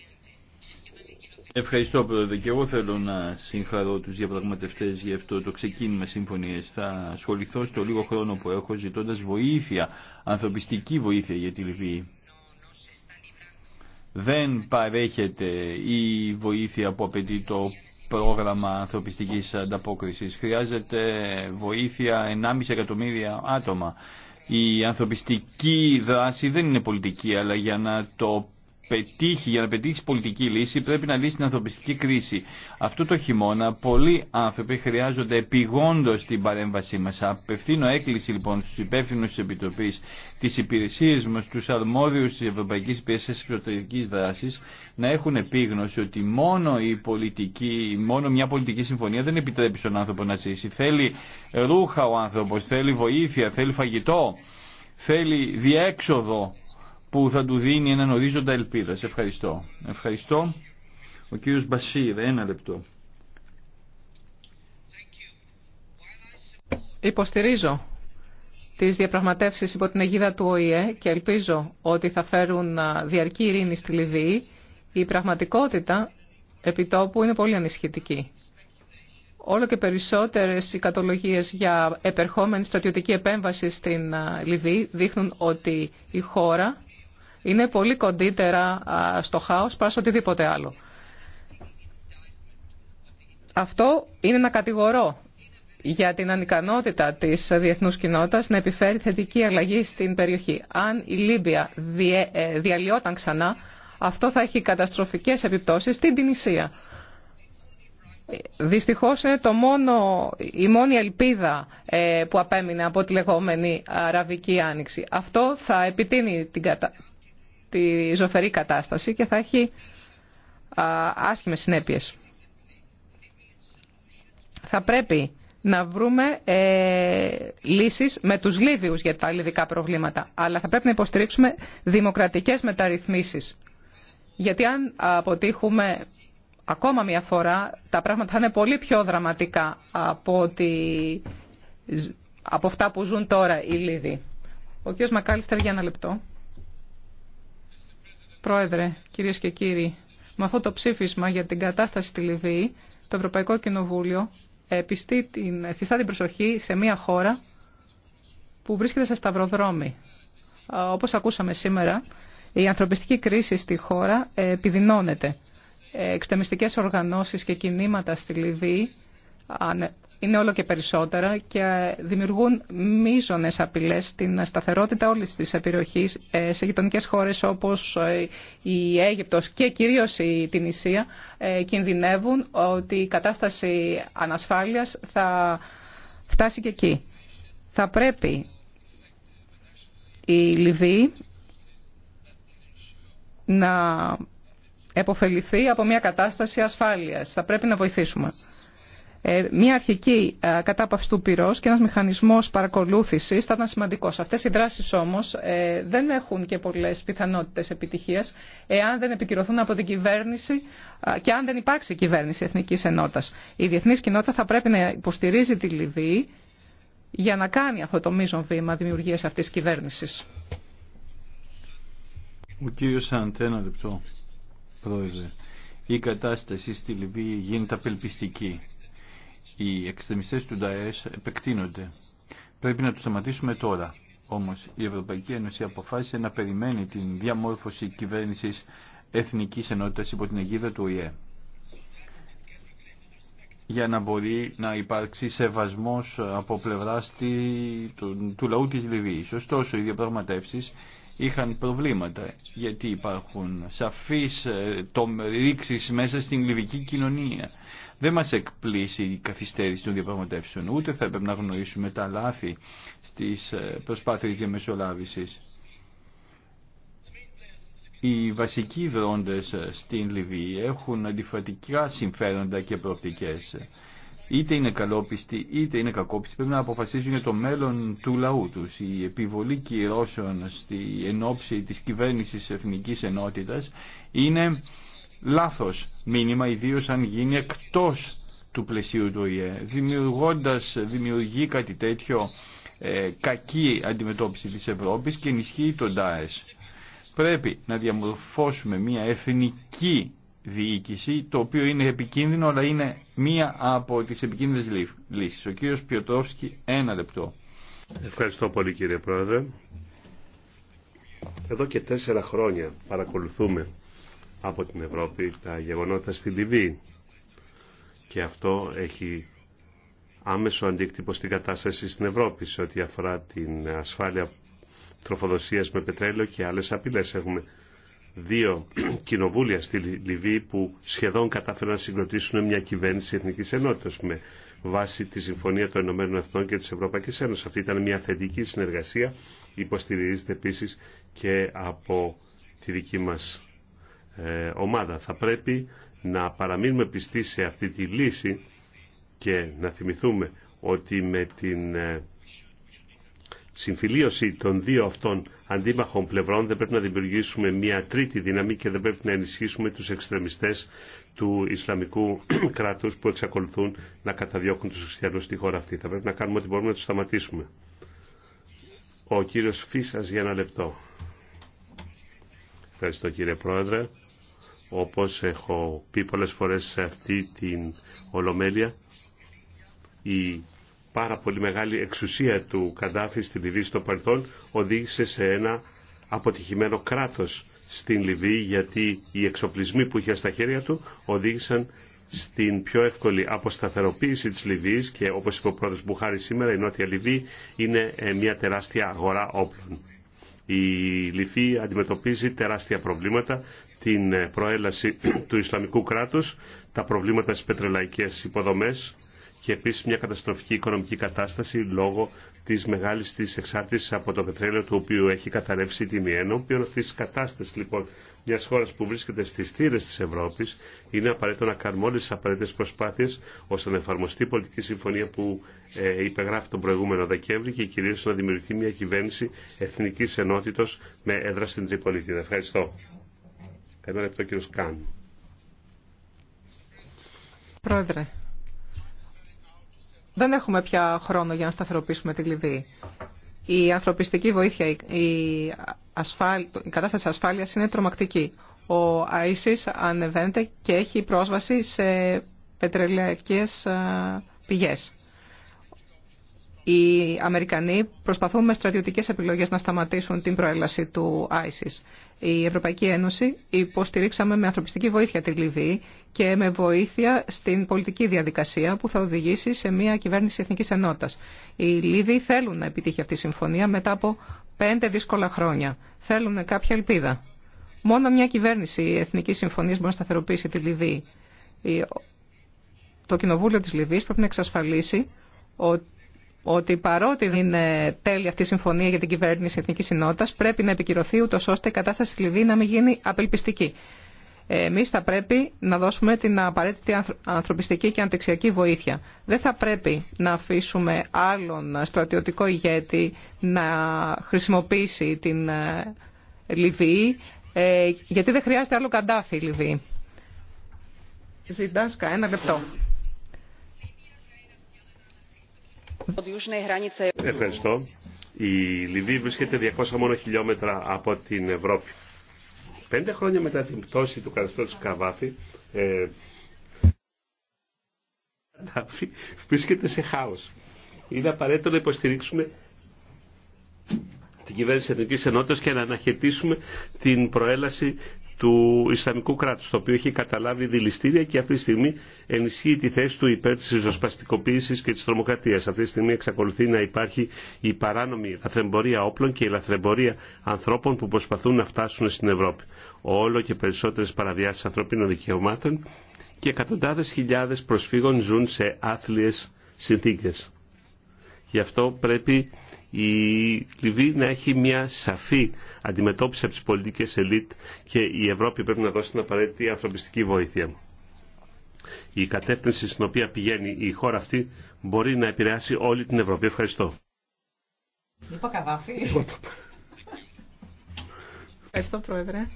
Ευχαριστώ πρόεδρε και εγώ θέλω να συγχαρώ τους διαπραγματευτές για αυτό το ξεκίνημα συμφωνίες. Θα ασχοληθώ στο λίγο χρόνο που έχω ζητώντας βοήθεια, ανθρωπιστική βοήθεια για τη Λιβύη. Δεν παρέχεται η βοήθεια που απαιτεί το πρόγραμμα ανθρωπιστικής ανταπόκρισης. Χρειάζεται βοήθεια 1,5 εκατομμύρια άτομα. Η ανθρωπιστική δράση δεν είναι πολιτική, αλλά για να το πετύχει, για να πετύχει πολιτική λύση πρέπει να λύσει την ανθρωπιστική κρίση. Αυτό το χειμώνα πολλοί άνθρωποι χρειάζονται επιγόντω την παρέμβασή μας. Απευθύνω έκκληση λοιπόν στους υπεύθυνους της Επιτροπής, τις υπηρεσίες μας, τους αρμόδιους της Ευρωπαϊκής της Εξωτερική Δράσης να έχουν επίγνωση ότι μόνο, η πολιτική, μόνο μια πολιτική συμφωνία δεν επιτρέπει στον άνθρωπο να ζήσει. Θέλει ρούχα ο άνθρωπο, θέλει βοήθεια, θέλει φαγητό, θέλει διέξοδο που θα του δίνει έναν ορίζοντα Σε Ευχαριστώ. Ευχαριστώ. Ο κύριος Μπασίρ, ένα λεπτό. Υποστηρίζω τις διαπραγματεύσεις υπό την αιγίδα του ΟΗΕ και ελπίζω ότι θα φέρουν διαρκή ειρήνη στη Λιβύη. Η πραγματικότητα επιτόπου είναι πολύ ανισχυτική. Όλο και περισσότερες κατολογίε για επερχόμενη στρατιωτική επέμβαση στην Λιβύη δείχνουν ότι η χώρα είναι πολύ κοντύτερα στο χάος παρά σε οτιδήποτε άλλο. Αυτό είναι ένα κατηγορό για την ανικανότητα της διεθνούς κοινότητας να επιφέρει θετική αλλαγή στην περιοχή. Αν η Λίμπια ε, διαλυόταν ξανά, αυτό θα έχει καταστροφικές επιπτώσεις στην Τινησία. Δυστυχώς είναι το μόνο, η μόνη ελπίδα ε, που απέμεινε από τη λεγόμενη Αραβική Άνοιξη. Αυτό θα επιτείνει την, κατα τη ζωφερή κατάσταση και θα έχει άσχημες συνέπειες. Θα πρέπει να βρούμε ε, λύσεις με τους Λίβιους για τα λιβικά προβλήματα. Αλλά θα πρέπει να υποστηρίξουμε δημοκρατικές μεταρρυθμίσεις. Γιατί αν αποτύχουμε ακόμα μια φορά, τα πράγματα θα είναι πολύ πιο δραματικά από, από αυτά που ζουν τώρα οι Λίβοι. Ο κ. Μακάλιστερ για ένα λεπτό. Πρόεδρε, κυρίες και κύριοι, με αυτό το ψήφισμα για την κατάσταση στη Λιβύη, το Ευρωπαϊκό Κοινοβούλιο επιστεί την, εφιστά την προσοχή σε μια χώρα που βρίσκεται σε σταυροδρόμι. Όπως ακούσαμε σήμερα, η ανθρωπιστική κρίση στη χώρα επιδεινώνεται. Εξτεμιστικές οργανώσεις και κινήματα στη Λιβύη είναι όλο και περισσότερα και δημιουργούν μείζονες απειλές στην σταθερότητα όλης της περιοχή ε, σε γειτονικέ χώρες όπως ε, η Αίγυπτος και κυρίως η Τινησία ε, κινδυνεύουν ότι η κατάσταση ανασφάλειας θα φτάσει και εκεί. Θα πρέπει η Λιβύη να επωφεληθεί από μια κατάσταση ασφάλειας. Θα πρέπει να βοηθήσουμε. Ε, μια αρχική ε, κατάπαυση του πυρός και ένας μηχανισμός παρακολούθησης θα ήταν σημαντικό. Αυτές οι δράσεις όμως ε, δεν έχουν και πολλέ πιθανότητες επιτυχίας εάν δεν επικυρωθούν από την κυβέρνηση και αν δεν υπάρξει κυβέρνηση Εθνικής Ενότητας. Η διεθνή κοινότητα θα πρέπει να υποστηρίζει τη Λιβύη για να κάνει αυτό το μείζον βήμα δημιουργία αυτή τη κυβέρνηση. Η κατάσταση στη Λιβύη γίνεται απελπιστική οι εξτρεμιστές του ΝΤΑΕΣ επεκτείνονται. Πρέπει να τους σταματήσουμε τώρα. Όμως η Ευρωπαϊκή Ένωση αποφάσισε να περιμένει την διαμόρφωση κυβέρνησης εθνικής ενότητας υπό την αιγίδα του ΟΗΕ για να μπορεί να υπάρξει σεβασμός από πλευράς του, του λαού της Λιβύης. Ωστόσο, οι διαπραγματεύσει είχαν προβλήματα, γιατί υπάρχουν σαφείς ε, το, μέσα στην λιβική κοινωνία. Δεν μας εκπλήσει η καθυστέρηση των διαπραγματεύσεων, ούτε θα έπρεπε να γνωρίσουμε τα λάθη στις ε, προσπάθειες διαμεσολάβησης. Οι βασικοί δρόντες ε, στην Λιβύη έχουν αντιφατικά συμφέροντα και προοπτικές. Είτε είναι καλόπιστοι είτε είναι κακόπιστοι πρέπει να αποφασίζουν για το μέλλον του λαού τους. Η επιβολή κυρώσεων στη ενόψη της κυβέρνησης Εθνικής Ενότητας είναι λάθος μήνυμα, ιδίως αν γίνει εκτός του πλαισίου του ΟΗΕ. Δημιουργώντας, δημιουργεί κάτι τέτοιο ε, κακή αντιμετώπιση της Ευρώπης και ενισχύει τον ΤΑΕΣ. Πρέπει να διαμορφώσουμε μια εθνική διοίκηση, το οποίο είναι επικίνδυνο, αλλά είναι μία από τις επικίνδυνες λύσεις. Ο κύριος Πιωτρόφσκι, ένα λεπτό. Ευχαριστώ πολύ κύριε Πρόεδρε. Εδώ και τέσσερα χρόνια παρακολουθούμε από την Ευρώπη τα γεγονότα στη Λιβύη. Και αυτό έχει άμεσο αντίκτυπο στην κατάσταση στην Ευρώπη σε ό,τι αφορά την ασφάλεια τροφοδοσίας με πετρέλαιο και άλλες απειλές. Έχουμε δύο κοινοβούλια στη Λιβύη που σχεδόν κατάφεραν να συγκροτήσουν μια κυβέρνηση εθνικής ενότητας με βάση τη Συμφωνία των Ηνωμένων Εθνών και της Ευρωπαϊκής Ένωσης. Αυτή ήταν μια θετική συνεργασία, υποστηρίζεται επίσης και από τη δική μας ε, ομάδα. Θα πρέπει να παραμείνουμε πιστοί σε αυτή τη λύση και να θυμηθούμε ότι με την ε, συμφιλίωση των δύο αυτών αντίμαχων πλευρών δεν πρέπει να δημιουργήσουμε μια τρίτη δύναμη και δεν πρέπει να ενισχύσουμε τους εξτρεμιστές του Ισλαμικού κράτους που εξακολουθούν να καταδιώκουν τους χριστιανούς στη χώρα αυτή. Θα πρέπει να κάνουμε ό,τι μπορούμε να τους σταματήσουμε. Ο κύριος Φίσας για ένα λεπτό. Ευχαριστώ κύριε Πρόεδρε όπως έχω πει πολλές φορές σε αυτή την Ολομέλεια, η πάρα πολύ μεγάλη εξουσία του Καντάφη στη Λιβύη στο παρελθόν οδήγησε σε ένα αποτυχημένο κράτος στην Λιβύη γιατί οι εξοπλισμοί που είχε στα χέρια του οδήγησαν στην πιο εύκολη αποσταθεροποίηση της Λιβύης και όπως είπε ο πρόεδρος Μπουχάρη σήμερα η Νότια Λιβύη είναι ε, μια τεράστια αγορά όπλων. Η Λιβύη αντιμετωπίζει τεράστια προβλήματα, την ε, προέλαση του Ισλαμικού κράτους, τα προβλήματα στις πετρελαϊκές υποδομές και επίσης μια καταστροφική οικονομική κατάσταση λόγω της μεγάλης της εξάρτησης από το πετρέλαιο το οποίο έχει καταρρεύσει τη τιμή. Ενώ αυτής της κατάστασης λοιπόν μιας χώρας που βρίσκεται στις θύρες της Ευρώπης είναι απαραίτητο να κάνουμε όλες τις απαραίτητες προσπάθειες ώστε να εφαρμοστεί η πολιτική συμφωνία που ε, υπεγράφει τον προηγούμενο Δεκέμβρη και κυρίως να δημιουργηθεί μια κυβέρνηση εθνικής ενότητος με έδρα στην Τριπολίτη. Ευχαριστώ. Ένα λεπτό κύριο Καν. Πρόεδρε, δεν έχουμε πια χρόνο για να σταθεροποιήσουμε τη Λιβύη. Η ανθρωπιστική βοήθεια, η, ασφάλ... η κατάσταση ασφάλειας είναι τρομακτική. Ο ΆΙΣΙΣ ανεβαίνεται και έχει πρόσβαση σε πετρελαϊκές ε, πηγές. Οι Αμερικανοί προσπαθούν με στρατιωτικές επιλογές να σταματήσουν την προέλαση του ISIS η Ευρωπαϊκή Ένωση υποστηρίξαμε με ανθρωπιστική βοήθεια τη Λιβύη και με βοήθεια στην πολιτική διαδικασία που θα οδηγήσει σε μια κυβέρνηση εθνικής ενότητας. Οι Λίβοι θέλουν να επιτύχει αυτή η συμφωνία μετά από πέντε δύσκολα χρόνια. Θέλουν κάποια ελπίδα. Μόνο μια κυβέρνηση εθνική συμφωνία μπορεί να σταθεροποιήσει τη Λιβύη. Το Κοινοβούλιο τη Λιβύη πρέπει να εξασφαλίσει ότι ότι παρότι είναι τέλεια αυτή η συμφωνία για την κυβέρνηση Εθνικής Συνότητα, πρέπει να επικυρωθεί ούτω ώστε η κατάσταση στη Λιβύη να μην γίνει απελπιστική. Εμεί θα πρέπει να δώσουμε την απαραίτητη ανθρωπιστική και αντεξιακή βοήθεια. Δεν θα πρέπει να αφήσουμε άλλον στρατιωτικό ηγέτη να χρησιμοποιήσει την ε, Λιβύη, ε, γιατί δεν χρειάζεται άλλο καντάφι η Λιβύη. Ζητάσκα, ένα λεπτό. Ευχαριστώ. Η Λιβύη βρίσκεται 200 μόνο χιλιόμετρα από την Ευρώπη. Πέντε χρόνια μετά την πτώση του καθεστώτος Καβάφη, ε, βρίσκεται σε χάος. Είναι απαραίτητο να υποστηρίξουμε την κυβέρνηση Εθνική Ενότητα και να αναχαιτήσουμε την προέλαση του Ισλαμικού κράτους, το οποίο έχει καταλάβει δηληστήρια και αυτή τη στιγμή ενισχύει τη θέση του υπέρ της ριζοσπαστικοποίησης και της τρομοκρατίας. Αυτή τη στιγμή εξακολουθεί να υπάρχει η παράνομη λαθρεμπορία όπλων και η λαθρεμπορία ανθρώπων που προσπαθούν να φτάσουν στην Ευρώπη. Όλο και περισσότερες παραβιάσεις ανθρωπίνων δικαιωμάτων και εκατοντάδες χιλιάδες προσφύγων ζουν σε άθλιες συνθήκες. Γι' αυτό πρέπει η Λιβύη να έχει μια σαφή αντιμετώπιση από τις πολιτικές ελίτ και η Ευρώπη πρέπει να δώσει την απαραίτητη ανθρωπιστική βοήθεια. Η κατεύθυνση στην οποία πηγαίνει η χώρα αυτή μπορεί να επηρεάσει όλη την Ευρώπη. Ευχαριστώ. Είπα καβάφι. Ευχαριστώ, Πρόεδρε.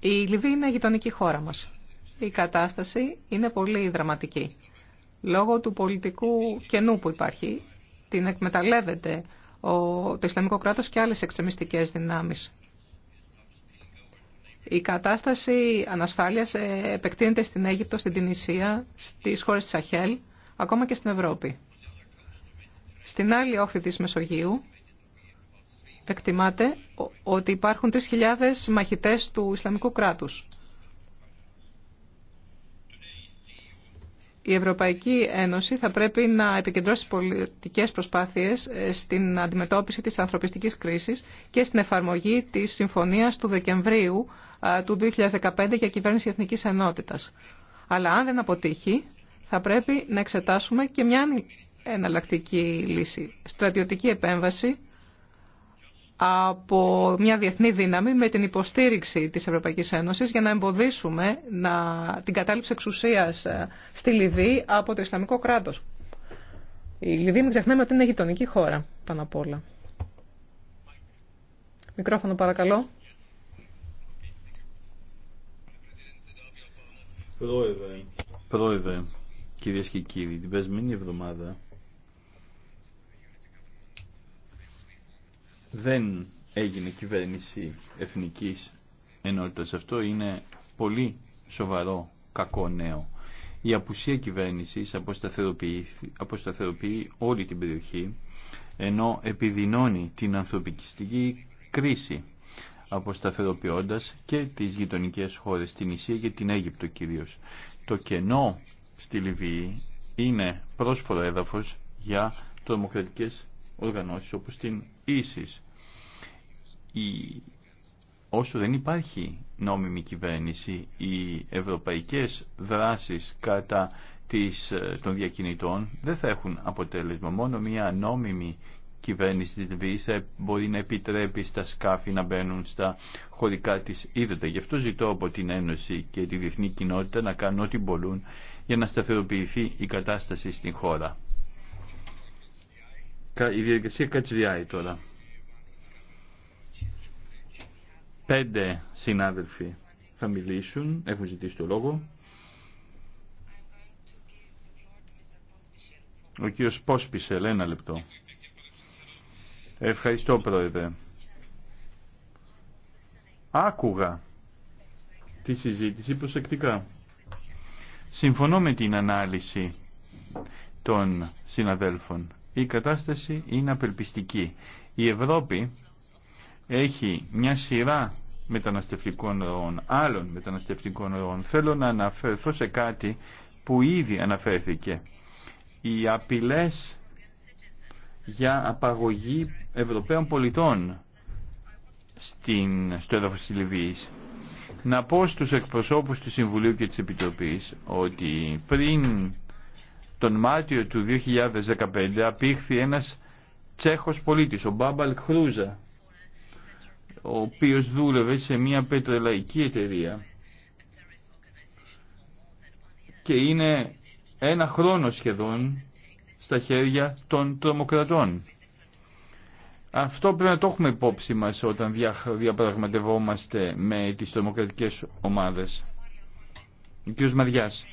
Η Λιβύη είναι η γειτονική χώρα μας. Η κατάσταση είναι πολύ δραματική. Λόγω του πολιτικού κενού που υπάρχει, την εκμεταλλεύεται το Ισλαμικό κράτος και άλλες εξτρεμιστικές δυνάμεις. Η κατάσταση ανασφάλειας ε, επεκτείνεται στην Αίγυπτο, στην Τινησία, στις χώρες της Αχέλ, ακόμα και στην Ευρώπη. Στην άλλη όχθη της Μεσογείου εκτιμάται ότι υπάρχουν 3.000 μαχητές του Ισλαμικού κράτους. η Ευρωπαϊκή Ένωση θα πρέπει να επικεντρώσει πολιτικές προσπάθειες ε, στην αντιμετώπιση της ανθρωπιστικής κρίσης και στην εφαρμογή της Συμφωνίας του Δεκεμβρίου ε, του 2015 για κυβέρνηση Εθνικής Ενότητας. Αλλά αν δεν αποτύχει, θα πρέπει να εξετάσουμε και μια εναλλακτική λύση. Στρατιωτική επέμβαση από μια διεθνή δύναμη με την υποστήριξη της Ευρωπαϊκής Ένωσης για να εμποδίσουμε να, την κατάληψη εξουσίας ε, στη Λιβύη από το Ισλαμικό κράτος. Η Λιβύη μην ξεχνάμε ότι είναι γειτονική χώρα πάνω απ' όλα. Μικρόφωνο παρακαλώ. Πρόεδρε, κυρίες και κύριοι, την πεσμένη εβδομάδα δεν έγινε κυβέρνηση εθνικής ενότητας. Αυτό είναι πολύ σοβαρό κακό νέο. Η απουσία κυβέρνησης αποσταθεροποιεί, όλη την περιοχή ενώ επιδεινώνει την ανθρωπιστική κρίση αποσταθεροποιώντας και τις γειτονικές χώρες, την Ισία και την Αίγυπτο κυρίως. Το κενό στη Λιβύη είναι πρόσφορο έδαφος για τρομοκρατικές οργανώσεις όπως την ίσης. Η... Όσο δεν υπάρχει νόμιμη κυβέρνηση, οι ευρωπαϊκές δράσεις κατά της, ε, των διακινητών δεν θα έχουν αποτέλεσμα. Μόνο μια νόμιμη κυβέρνηση της Λιβύης μπορεί να επιτρέπει στα σκάφη να μπαίνουν στα χωρικά της ίδρυτα. Γι' αυτό ζητώ από την Ένωση και τη διεθνή κοινότητα να κάνουν ό,τι μπορούν για να σταθεροποιηθεί η κατάσταση στην χώρα. Η διαδικασία κατσιδιάει τώρα. Πέντε συνάδελφοι θα μιλήσουν, έχουν ζητήσει το λόγο. Ο κύριος Πόσπισελ, ένα λεπτό. Ευχαριστώ, Πρόεδρε. Άκουγα τη συζήτηση προσεκτικά. Συμφωνώ με την ανάλυση των συναδέλφων η κατάσταση είναι απελπιστική. Η Ευρώπη έχει μια σειρά μεταναστευτικών ροών, άλλων μεταναστευτικών ροών. Θέλω να αναφερθώ σε κάτι που ήδη αναφέρθηκε. Οι απειλές για απαγωγή Ευρωπαίων πολιτών στην, στο έδαφος της Λιβύης. Να πω στους εκπροσώπους του Συμβουλίου και της Επιτροπής ότι πριν τον Μάρτιο του 2015 απήχθη ένας Τσέχος πολίτης, ο Μπάμπαλ Χρούζα, ο οποίος δούλευε σε μια πετρελαϊκή εταιρεία και είναι ένα χρόνο σχεδόν στα χέρια των τρομοκρατών. Αυτό πρέπει να το έχουμε υπόψη μας όταν διαπραγματευόμαστε με τις τρομοκρατικές ομάδες. Ο κ. Μαριάς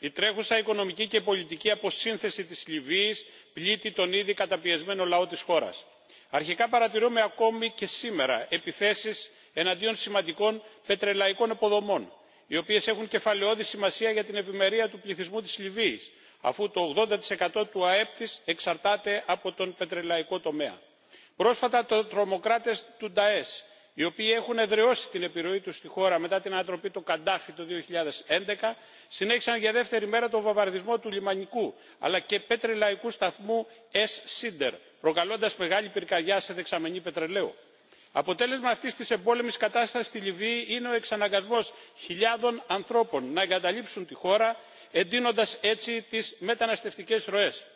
η τρέχουσα οικονομική και πολιτική αποσύνθεση της λιβύης πλήττει τον ήδη καταπιεσμένο λαό της χώρας. αρχικά παρατηρούμε ακόμη και σήμερα επιθέσεις εναντίον σημαντικών πετρελαϊκών υποδομών οι οποίες έχουν κεφαλαιώδη σημασία για την ευημερία του πληθυσμού της λιβύης αφού το 80% του αεπ της εξαρτάται από τον πετρελαϊκό τομέα. πρόσφατα οι τρομοκράτες του νταές οι οποίοι έχουν εδραιώσει την επιρροή τους στη χώρα μετά την ανατροπή του καντάφη το 2011, συνέχισαν για δεύτερη μέρα τον βομβαρδισμό του λιμανικού αλλά και πετρελαϊκού σταθμού σταθμού sider προκαλώντας μεγάλη πυρκαγιά σε δεξαμενή πετρελαίου. αποτέλεσμα αυτής της εμπόλεμης κατάστασης στη λιβύη είναι ο εξαναγκασμός χιλιάδων ανθρώπων να εγκαταλείψουν τη χώρα εντείνοντας έτσι τις μεταναστευτικές ροές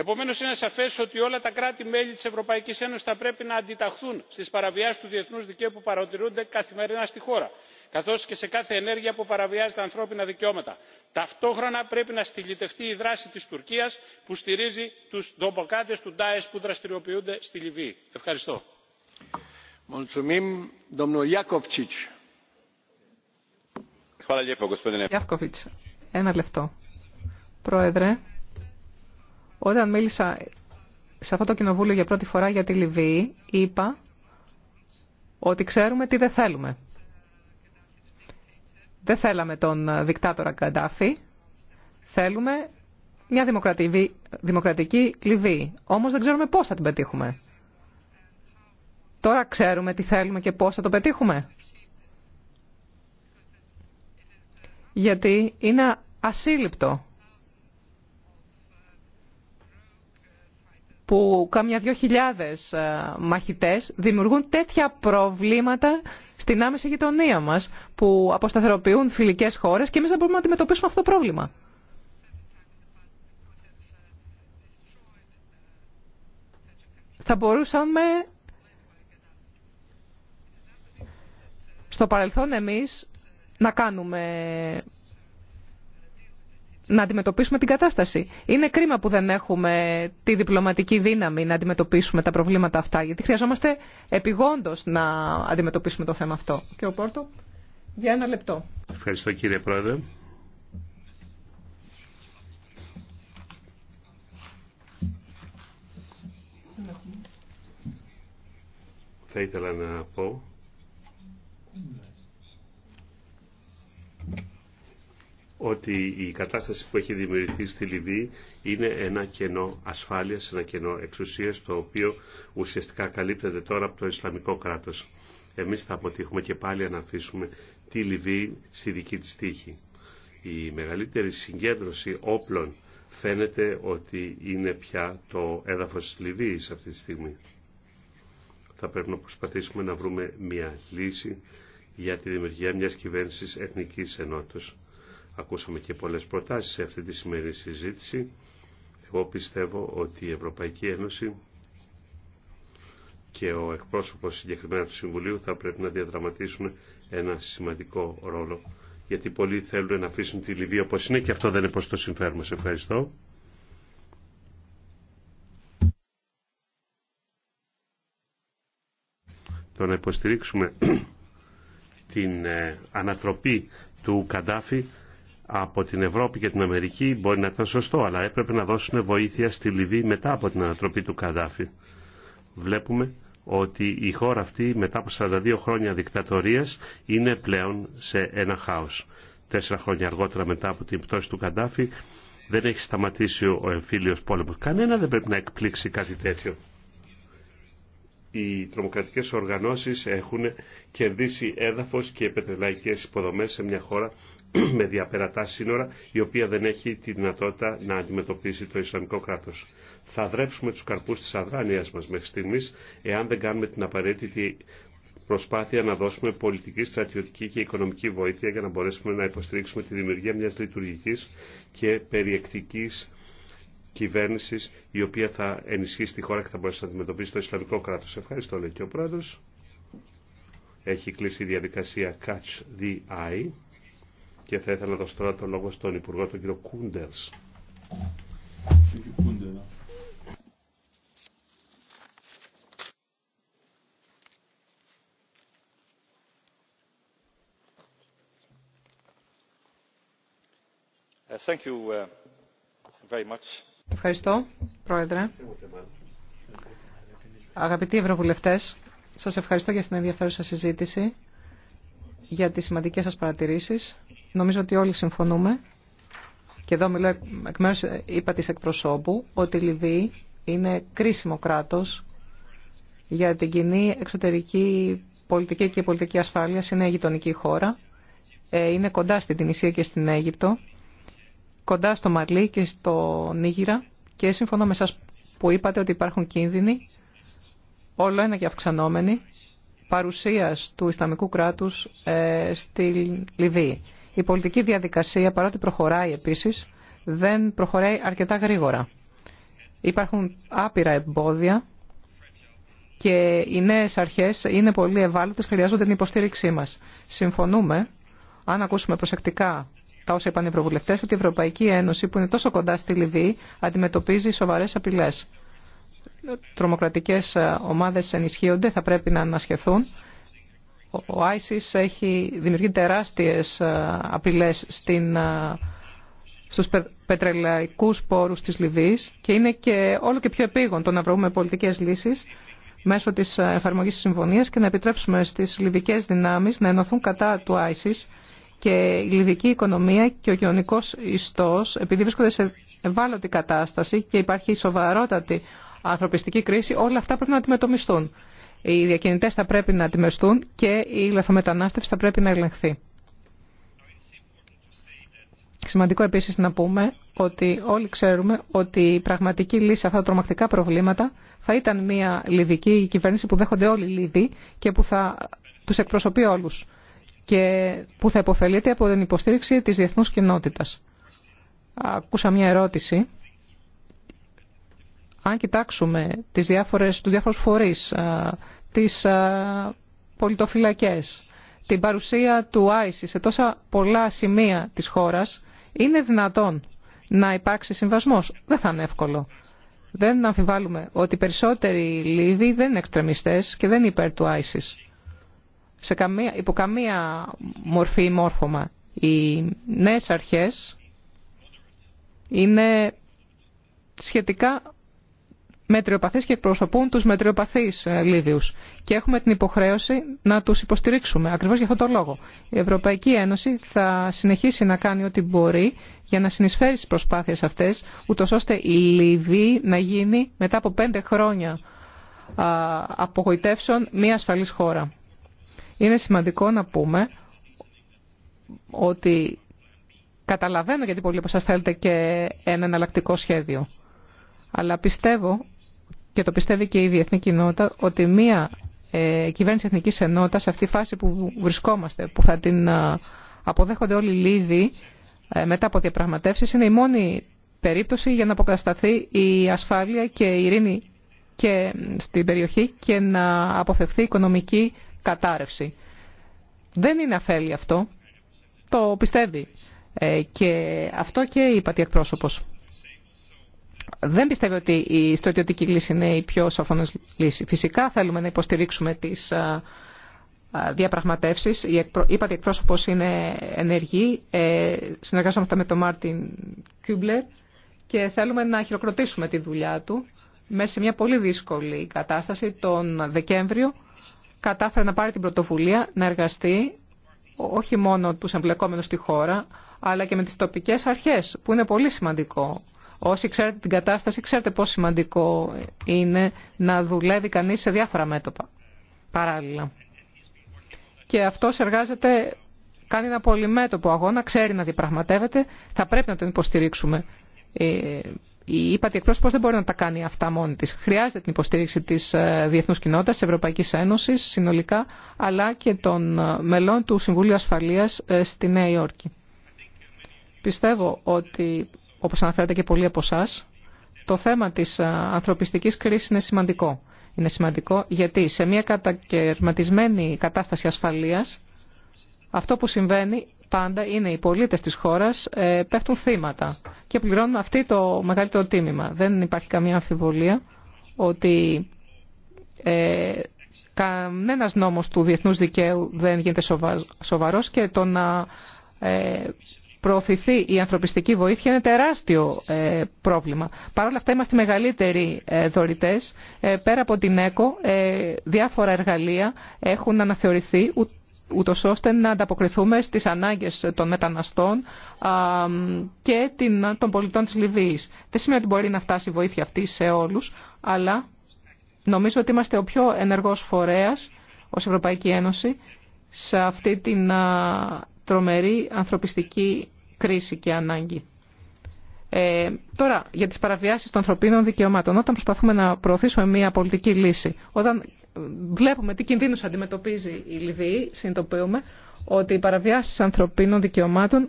επομένως είναι σαφές ότι όλα τα κράτη μέλη της ευρωπαϊκής ένωσης θα πρέπει να αντιταχθούν στις παραβιάσεις του διεθνούς δικαίου που παρατηρούνται καθημερινά στη χώρα καθώς και σε κάθε ενέργεια που παραβιάζει τα ανθρώπινα δικαιώματα. ταυτόχρονα πρέπει να στυλιτευτεί η δράση της τουρκίας που στηρίζει τους ντομποκράτες του Νταε που δραστηριοποιούνται στη λιβύη. ευχαριστώ. Όταν μίλησα σε αυτό το κοινοβούλιο για πρώτη φορά για τη Λιβύη, είπα ότι ξέρουμε τι δεν θέλουμε. Δεν θέλαμε τον δικτάτορα Καντάφη, θέλουμε μια δημοκρατική Λιβύη. Όμως δεν ξέρουμε πώς θα την πετύχουμε. Τώρα ξέρουμε τι θέλουμε και πώς θα το πετύχουμε. Γιατί είναι ασύλληπτο που κάμια δυο χιλιάδες ε, μαχητές δημιουργούν τέτοια προβλήματα στην άμεση γειτονία μας που αποσταθεροποιούν φιλικές χώρες και εμείς δεν μπορούμε να αντιμετωπίσουμε αυτό το πρόβλημα. Θα μπορούσαμε στο παρελθόν εμείς να κάνουμε να αντιμετωπίσουμε την κατάσταση. Είναι κρίμα που δεν έχουμε τη διπλωματική δύναμη να αντιμετωπίσουμε τα προβλήματα αυτά, γιατί χρειαζόμαστε επιγόντως να αντιμετωπίσουμε το θέμα αυτό. Και ο Πόρτο, για ένα λεπτό. Ευχαριστώ κύριε Πρόεδρε. Θα ήθελα να πω ότι η κατάσταση που έχει δημιουργηθεί στη Λιβύη είναι ένα κενό ασφάλειας, ένα κενό εξουσίας, το οποίο ουσιαστικά καλύπτεται τώρα από το Ισλαμικό κράτος. Εμείς θα αποτύχουμε και πάλι να αφήσουμε τη Λιβύη στη δική της τύχη. Η μεγαλύτερη συγκέντρωση όπλων φαίνεται ότι είναι πια το έδαφος της Λιβύης αυτή τη στιγμή. Θα πρέπει να προσπαθήσουμε να βρούμε μια λύση για τη δημιουργία μιας κυβέρνησης εθνικής ενότητας Ακούσαμε και πολλές προτάσεις σε αυτή τη σημερινή συζήτηση. Εγώ πιστεύω ότι η Ευρωπαϊκή Ένωση και ο εκπρόσωπος συγκεκριμένα του Συμβουλίου θα πρέπει να διαδραματίσουν ένα σημαντικό ρόλο. Γιατί πολλοί θέλουν να αφήσουν τη Λιβύη όπως είναι και αυτό δεν είναι προς το συμφέρον μας. Ευχαριστώ. Το να υποστηρίξουμε την ε, ανατροπή του Καντάφη από την Ευρώπη και την Αμερική μπορεί να ήταν σωστό, αλλά έπρεπε να δώσουν βοήθεια στη Λιβύη μετά από την ανατροπή του Καντάφη. Βλέπουμε ότι η χώρα αυτή μετά από 42 χρόνια δικτατορίας είναι πλέον σε ένα χάος. Τέσσερα χρόνια αργότερα μετά από την πτώση του Καντάφη δεν έχει σταματήσει ο εμφύλιος πόλεμος. Κανένα δεν πρέπει να εκπλήξει κάτι τέτοιο. Οι τρομοκρατικές οργανώσεις έχουν κερδίσει έδαφος και πετρελαϊκές υποδομές σε μια χώρα με διαπερατά σύνορα, η οποία δεν έχει τη δυνατότητα να αντιμετωπίσει το Ισλαμικό κράτο. Θα δρέψουμε του καρπού τη Αδράνεια μα μέχρι στιγμή, εάν δεν κάνουμε την απαραίτητη προσπάθεια να δώσουμε πολιτική, στρατιωτική και οικονομική βοήθεια για να μπορέσουμε να υποστηρίξουμε τη δημιουργία μια λειτουργική και περιεκτική κυβέρνηση, η οποία θα ενισχύσει τη χώρα και θα μπορέσει να αντιμετωπίσει το Ισλαμικό κράτο. Ευχαριστώ, λέει και ο Πρόεδρο. Έχει κλείσει η διαδικασία Catch the Eye. Και θα ήθελα να δώσω τώρα το λόγο στον Υπουργό, τον κύριο Κούντερς. Uh, uh, ευχαριστώ, Πρόεδρε. Αγαπητοί Ευρωβουλευτές, σας ευχαριστώ για την ενδιαφέρουσα συζήτηση, για τις σημαντικές σας παρατηρήσεις. Νομίζω ότι όλοι συμφωνούμε, και εδώ μιλώ εκ μέρους είπα της εκπροσώπου, ότι η Λιβύη είναι κρίσιμο κράτος για την κοινή εξωτερική πολιτική και πολιτική ασφάλεια. Είναι γειτονική χώρα. Ε, είναι κοντά στην Τινησία και στην Αίγυπτο, κοντά στο Μαλί και στο Νίγηρα και συμφωνώ με σας που είπατε ότι υπάρχουν κίνδυνοι, όλο ένα και αυξανόμενοι, παρουσίας του ισταμικού κράτους ε, στη Λιβύη. Η πολιτική διαδικασία, παρότι προχωράει επίσης, δεν προχωράει αρκετά γρήγορα. Υπάρχουν άπειρα εμπόδια και οι νέες αρχές είναι πολύ ευάλωτες, χρειάζονται την υποστήριξή μας. Συμφωνούμε, αν ακούσουμε προσεκτικά τα όσα είπαν οι προβουλευτές, ότι η Ευρωπαϊκή Ένωση που είναι τόσο κοντά στη Λιβύη αντιμετωπίζει σοβαρές απειλές. Τρομοκρατικές ομάδες ενισχύονται, θα πρέπει να ανασχεθούν ο ISIS έχει δημιουργεί τεράστιες ε, απειλές στην, ε, στους πετρελαϊκούς πόρους της Λιβύης και είναι και όλο και πιο επίγον το να βρούμε πολιτικές λύσεις μέσω της ε, εφαρμογής της συμφωνίας και να επιτρέψουμε στις λιβικές δυνάμεις να ενωθούν κατά του ISIS και η λιβική οικονομία και ο κοινωνικός ιστός επειδή βρίσκονται σε ευάλωτη κατάσταση και υπάρχει σοβαρότατη ανθρωπιστική κρίση όλα αυτά πρέπει να αντιμετωπιστούν. Οι διακινητές θα πρέπει να τιμεστούν και η λαθομετανάστευση θα πρέπει να ελεγχθεί. Σημαντικό επίσης να πούμε ότι όλοι ξέρουμε ότι η πραγματική λύση σε αυτά τα τρομακτικά προβλήματα θα ήταν μια λιβική κυβέρνηση που δέχονται όλοι οι Λίβοι και που θα τους εκπροσωπεί όλους και που θα υποφελείται από την υποστήριξη της διεθνούς κοινότητας. Ακούσα μια ερώτηση. Αν κοιτάξουμε τις διάφορες, τους διάφορους φορείς τις ε, πολιτοφυλακές, την παρουσία του Άισι σε τόσα πολλά σημεία της χώρας, είναι δυνατόν να υπάρξει συμβασμός. Δεν θα είναι εύκολο. Δεν αμφιβάλλουμε ότι περισσότεροι Λίβοι δεν είναι εξτρεμιστές και δεν υπέρ του Άισις. Σε καμία, υπό καμία μορφή ή μόρφωμα. Οι νέες αρχές είναι σχετικά μετριοπαθείς και εκπροσωπούν τους μετριοπαθείς ε, Λίβιους. Και έχουμε την υποχρέωση να τους υποστηρίξουμε, ακριβώς για αυτόν τον λόγο. Η Ευρωπαϊκή Ένωση θα συνεχίσει να κάνει ό,τι μπορεί για να συνεισφέρει στις προσπάθειες αυτές, ούτως ώστε η Λιβύη να γίνει μετά από πέντε χρόνια απογοητεύσεων μια ασφαλής χώρα. Είναι σημαντικό να πούμε ότι καταλαβαίνω γιατί πολλοί από σας θέλετε και ένα εναλλακτικό σχέδιο. Αλλά πιστεύω και το πιστεύει και η διεθνή κοινότητα, ότι μία ε, κυβέρνηση εθνική Ενότητα σε αυτή τη φάση που βρισκόμαστε, που θα την ε, αποδέχονται όλοι οι Λίβοι ε, μετά από διαπραγματεύσει, είναι η μόνη περίπτωση για να αποκατασταθεί η ασφάλεια και η ειρήνη και στην περιοχή και να αποφευθεί οικονομική κατάρρευση. Δεν είναι αφέλει αυτό. Το πιστεύει. Ε, και αυτό και η εκπρόσωπος δεν πιστεύω ότι η στρατιωτική λύση είναι η πιο σοφόνος λύση. Φυσικά θέλουμε να υποστηρίξουμε τις διαπραγματεύσει. Είπατε εκπρο... εκπρόσωπο είναι ενεργή. Ε, συνεργάζομαστε με τον Μάρτιν Κιούμπλερ και θέλουμε να χειροκροτήσουμε τη δουλειά του μέσα σε μια πολύ δύσκολη κατάσταση. Τον Δεκέμβριο κατάφερε να πάρει την πρωτοβουλία να εργαστεί όχι μόνο του εμπλεκόμενου στη χώρα, αλλά και με τι τοπικές αρχές, που είναι πολύ σημαντικό Όσοι ξέρετε την κατάσταση, ξέρετε πόσο σημαντικό είναι να δουλεύει κανείς σε διάφορα μέτωπα παράλληλα. Και αυτός εργάζεται, κάνει ένα πολυμέτωπο αγώνα, ξέρει να διαπραγματεύεται, θα πρέπει να τον υποστηρίξουμε. Ε, η ΥΠΑΤΗ εκπρόσωπο δεν μπορεί να τα κάνει αυτά μόνη της. Χρειάζεται την υποστήριξη τη ε, Διεθνούς Κοινότητας, της Ευρωπαϊκής Ένωσης συνολικά, αλλά και των ε, μελών του Συμβουλίου Ασφαλεία στη Νέα Υόρκη. Πιστεύω ότι όπως αναφέρατε και πολλοί από εσά, το θέμα της ε, ανθρωπιστικής κρίσης είναι σημαντικό. Είναι σημαντικό γιατί σε μια κατακαιρματισμένη κατάσταση ασφαλείας αυτό που συμβαίνει πάντα είναι οι πολίτες της χώρας ε, πέφτουν θύματα και πληρώνουν αυτή το μεγαλύτερο τίμημα. Δεν υπάρχει καμία αμφιβολία ότι ε, κανένας νόμος του διεθνούς δικαίου δεν γίνεται σοβαρός και το να ε, προωθηθεί η ανθρωπιστική βοήθεια είναι τεράστιο ε, πρόβλημα. Παρ' όλα αυτά είμαστε μεγαλύτεροι ε, δωρητές. Ε, πέρα από την ΕΚΟ διάφορα εργαλεία έχουν αναθεωρηθεί ούτω ώστε να ανταποκριθούμε στις ανάγκες των μεταναστών και των πολιτών της Λιβύης. Δεν σημαίνει ότι μπορεί να φτάσει η βοήθεια αυτή σε όλους, αλλά νομίζω ότι είμαστε ο πιο ενεργός φορέας ως Ευρωπαϊκή Ένωση σε αυτή την τρομερή ανθρωπιστική κρίση και ανάγκη. Ε, τώρα, για τις παραβιάσεις των ανθρωπίνων δικαιωμάτων, όταν προσπαθούμε να προωθήσουμε μια πολιτική λύση, όταν βλέπουμε τι κινδύνους αντιμετωπίζει η Λιβύη, συνειδητοποιούμε ότι οι παραβιάσεις ανθρωπίνων δικαιωμάτων,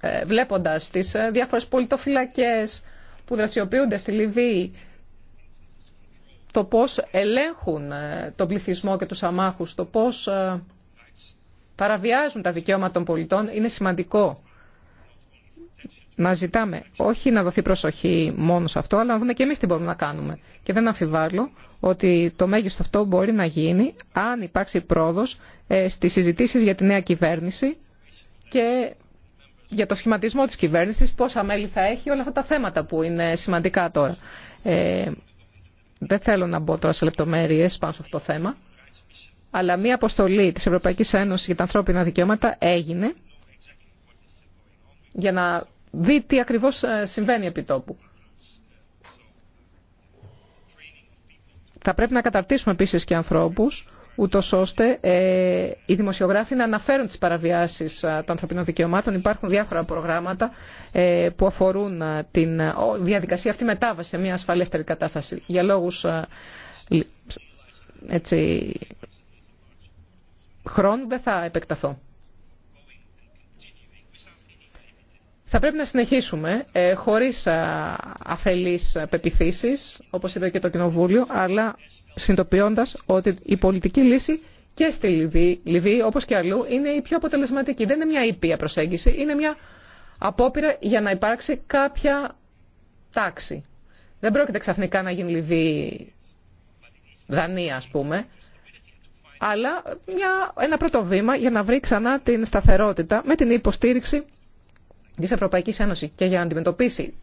ε, βλέποντας τις ε, διάφορες πολιτοφυλακές που δραστηριοποιούνται στη Λιβύη, το πώς ελέγχουν ε, τον πληθυσμό και τους αμάχους, το πώς ε, παραβιάζουν τα δικαιώματα των πολιτών. Είναι σημαντικό να ζητάμε όχι να δοθεί προσοχή μόνο σε αυτό, αλλά να δούμε και εμείς τι μπορούμε να κάνουμε. Και δεν αμφιβάλλω ότι το μέγιστο αυτό μπορεί να γίνει αν υπάρξει πρόοδος ε, στις συζητήσεις για τη νέα κυβέρνηση και για το σχηματισμό της κυβέρνησης, πόσα μέλη θα έχει, όλα αυτά τα θέματα που είναι σημαντικά τώρα. Ε, δεν θέλω να μπω τώρα σε λεπτομέρειες πάνω σε αυτό το θέμα αλλά μια αποστολή της Ευρωπαϊκής Ένωσης για τα ανθρώπινα δικαιώματα έγινε για να δει τι ακριβώς ε, συμβαίνει επί τόπου. Θα πρέπει να καταρτήσουμε επίσης και ανθρώπους, ούτω ώστε ε, οι δημοσιογράφοι να αναφέρουν τις παραβιάσεις ε, των ανθρωπινών δικαιωμάτων. Υπάρχουν διάφορα προγράμματα που αφορούν την διαδικασία αυτή μετάβαση σε μια ασφαλέστερη κατάσταση για λόγους έτσι, χρόνου δεν θα επεκταθώ. Θα πρέπει να συνεχίσουμε ε, χωρίς αφελείς πεπιθήσεις, όπως είπε και το Κοινοβούλιο, αλλά συνειδητοποιώντας ότι η πολιτική λύση και στη Λιβύη, Λιβύη όπως και αλλού, είναι η πιο αποτελεσματική. Δεν είναι μια ήπια προσέγγιση, είναι μια απόπειρα για να υπάρξει κάποια τάξη. Δεν πρόκειται ξαφνικά να γίνει Λιβύη Δανία, ας πούμε αλλά μια, ένα πρώτο βήμα για να βρει ξανά την σταθερότητα με την υποστήριξη της Ευρωπαϊκής Ένωσης και για να αντιμετωπίσει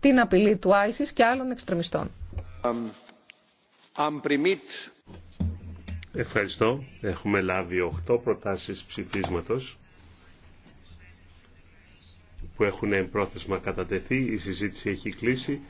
την απειλή του ISIS και άλλων εξτρεμιστών. Ευχαριστώ. Έχουμε λάβει 8 προτάσεις ψηφίσματος που έχουν πρόθεσμα κατατεθεί. Η συζήτηση έχει κλείσει.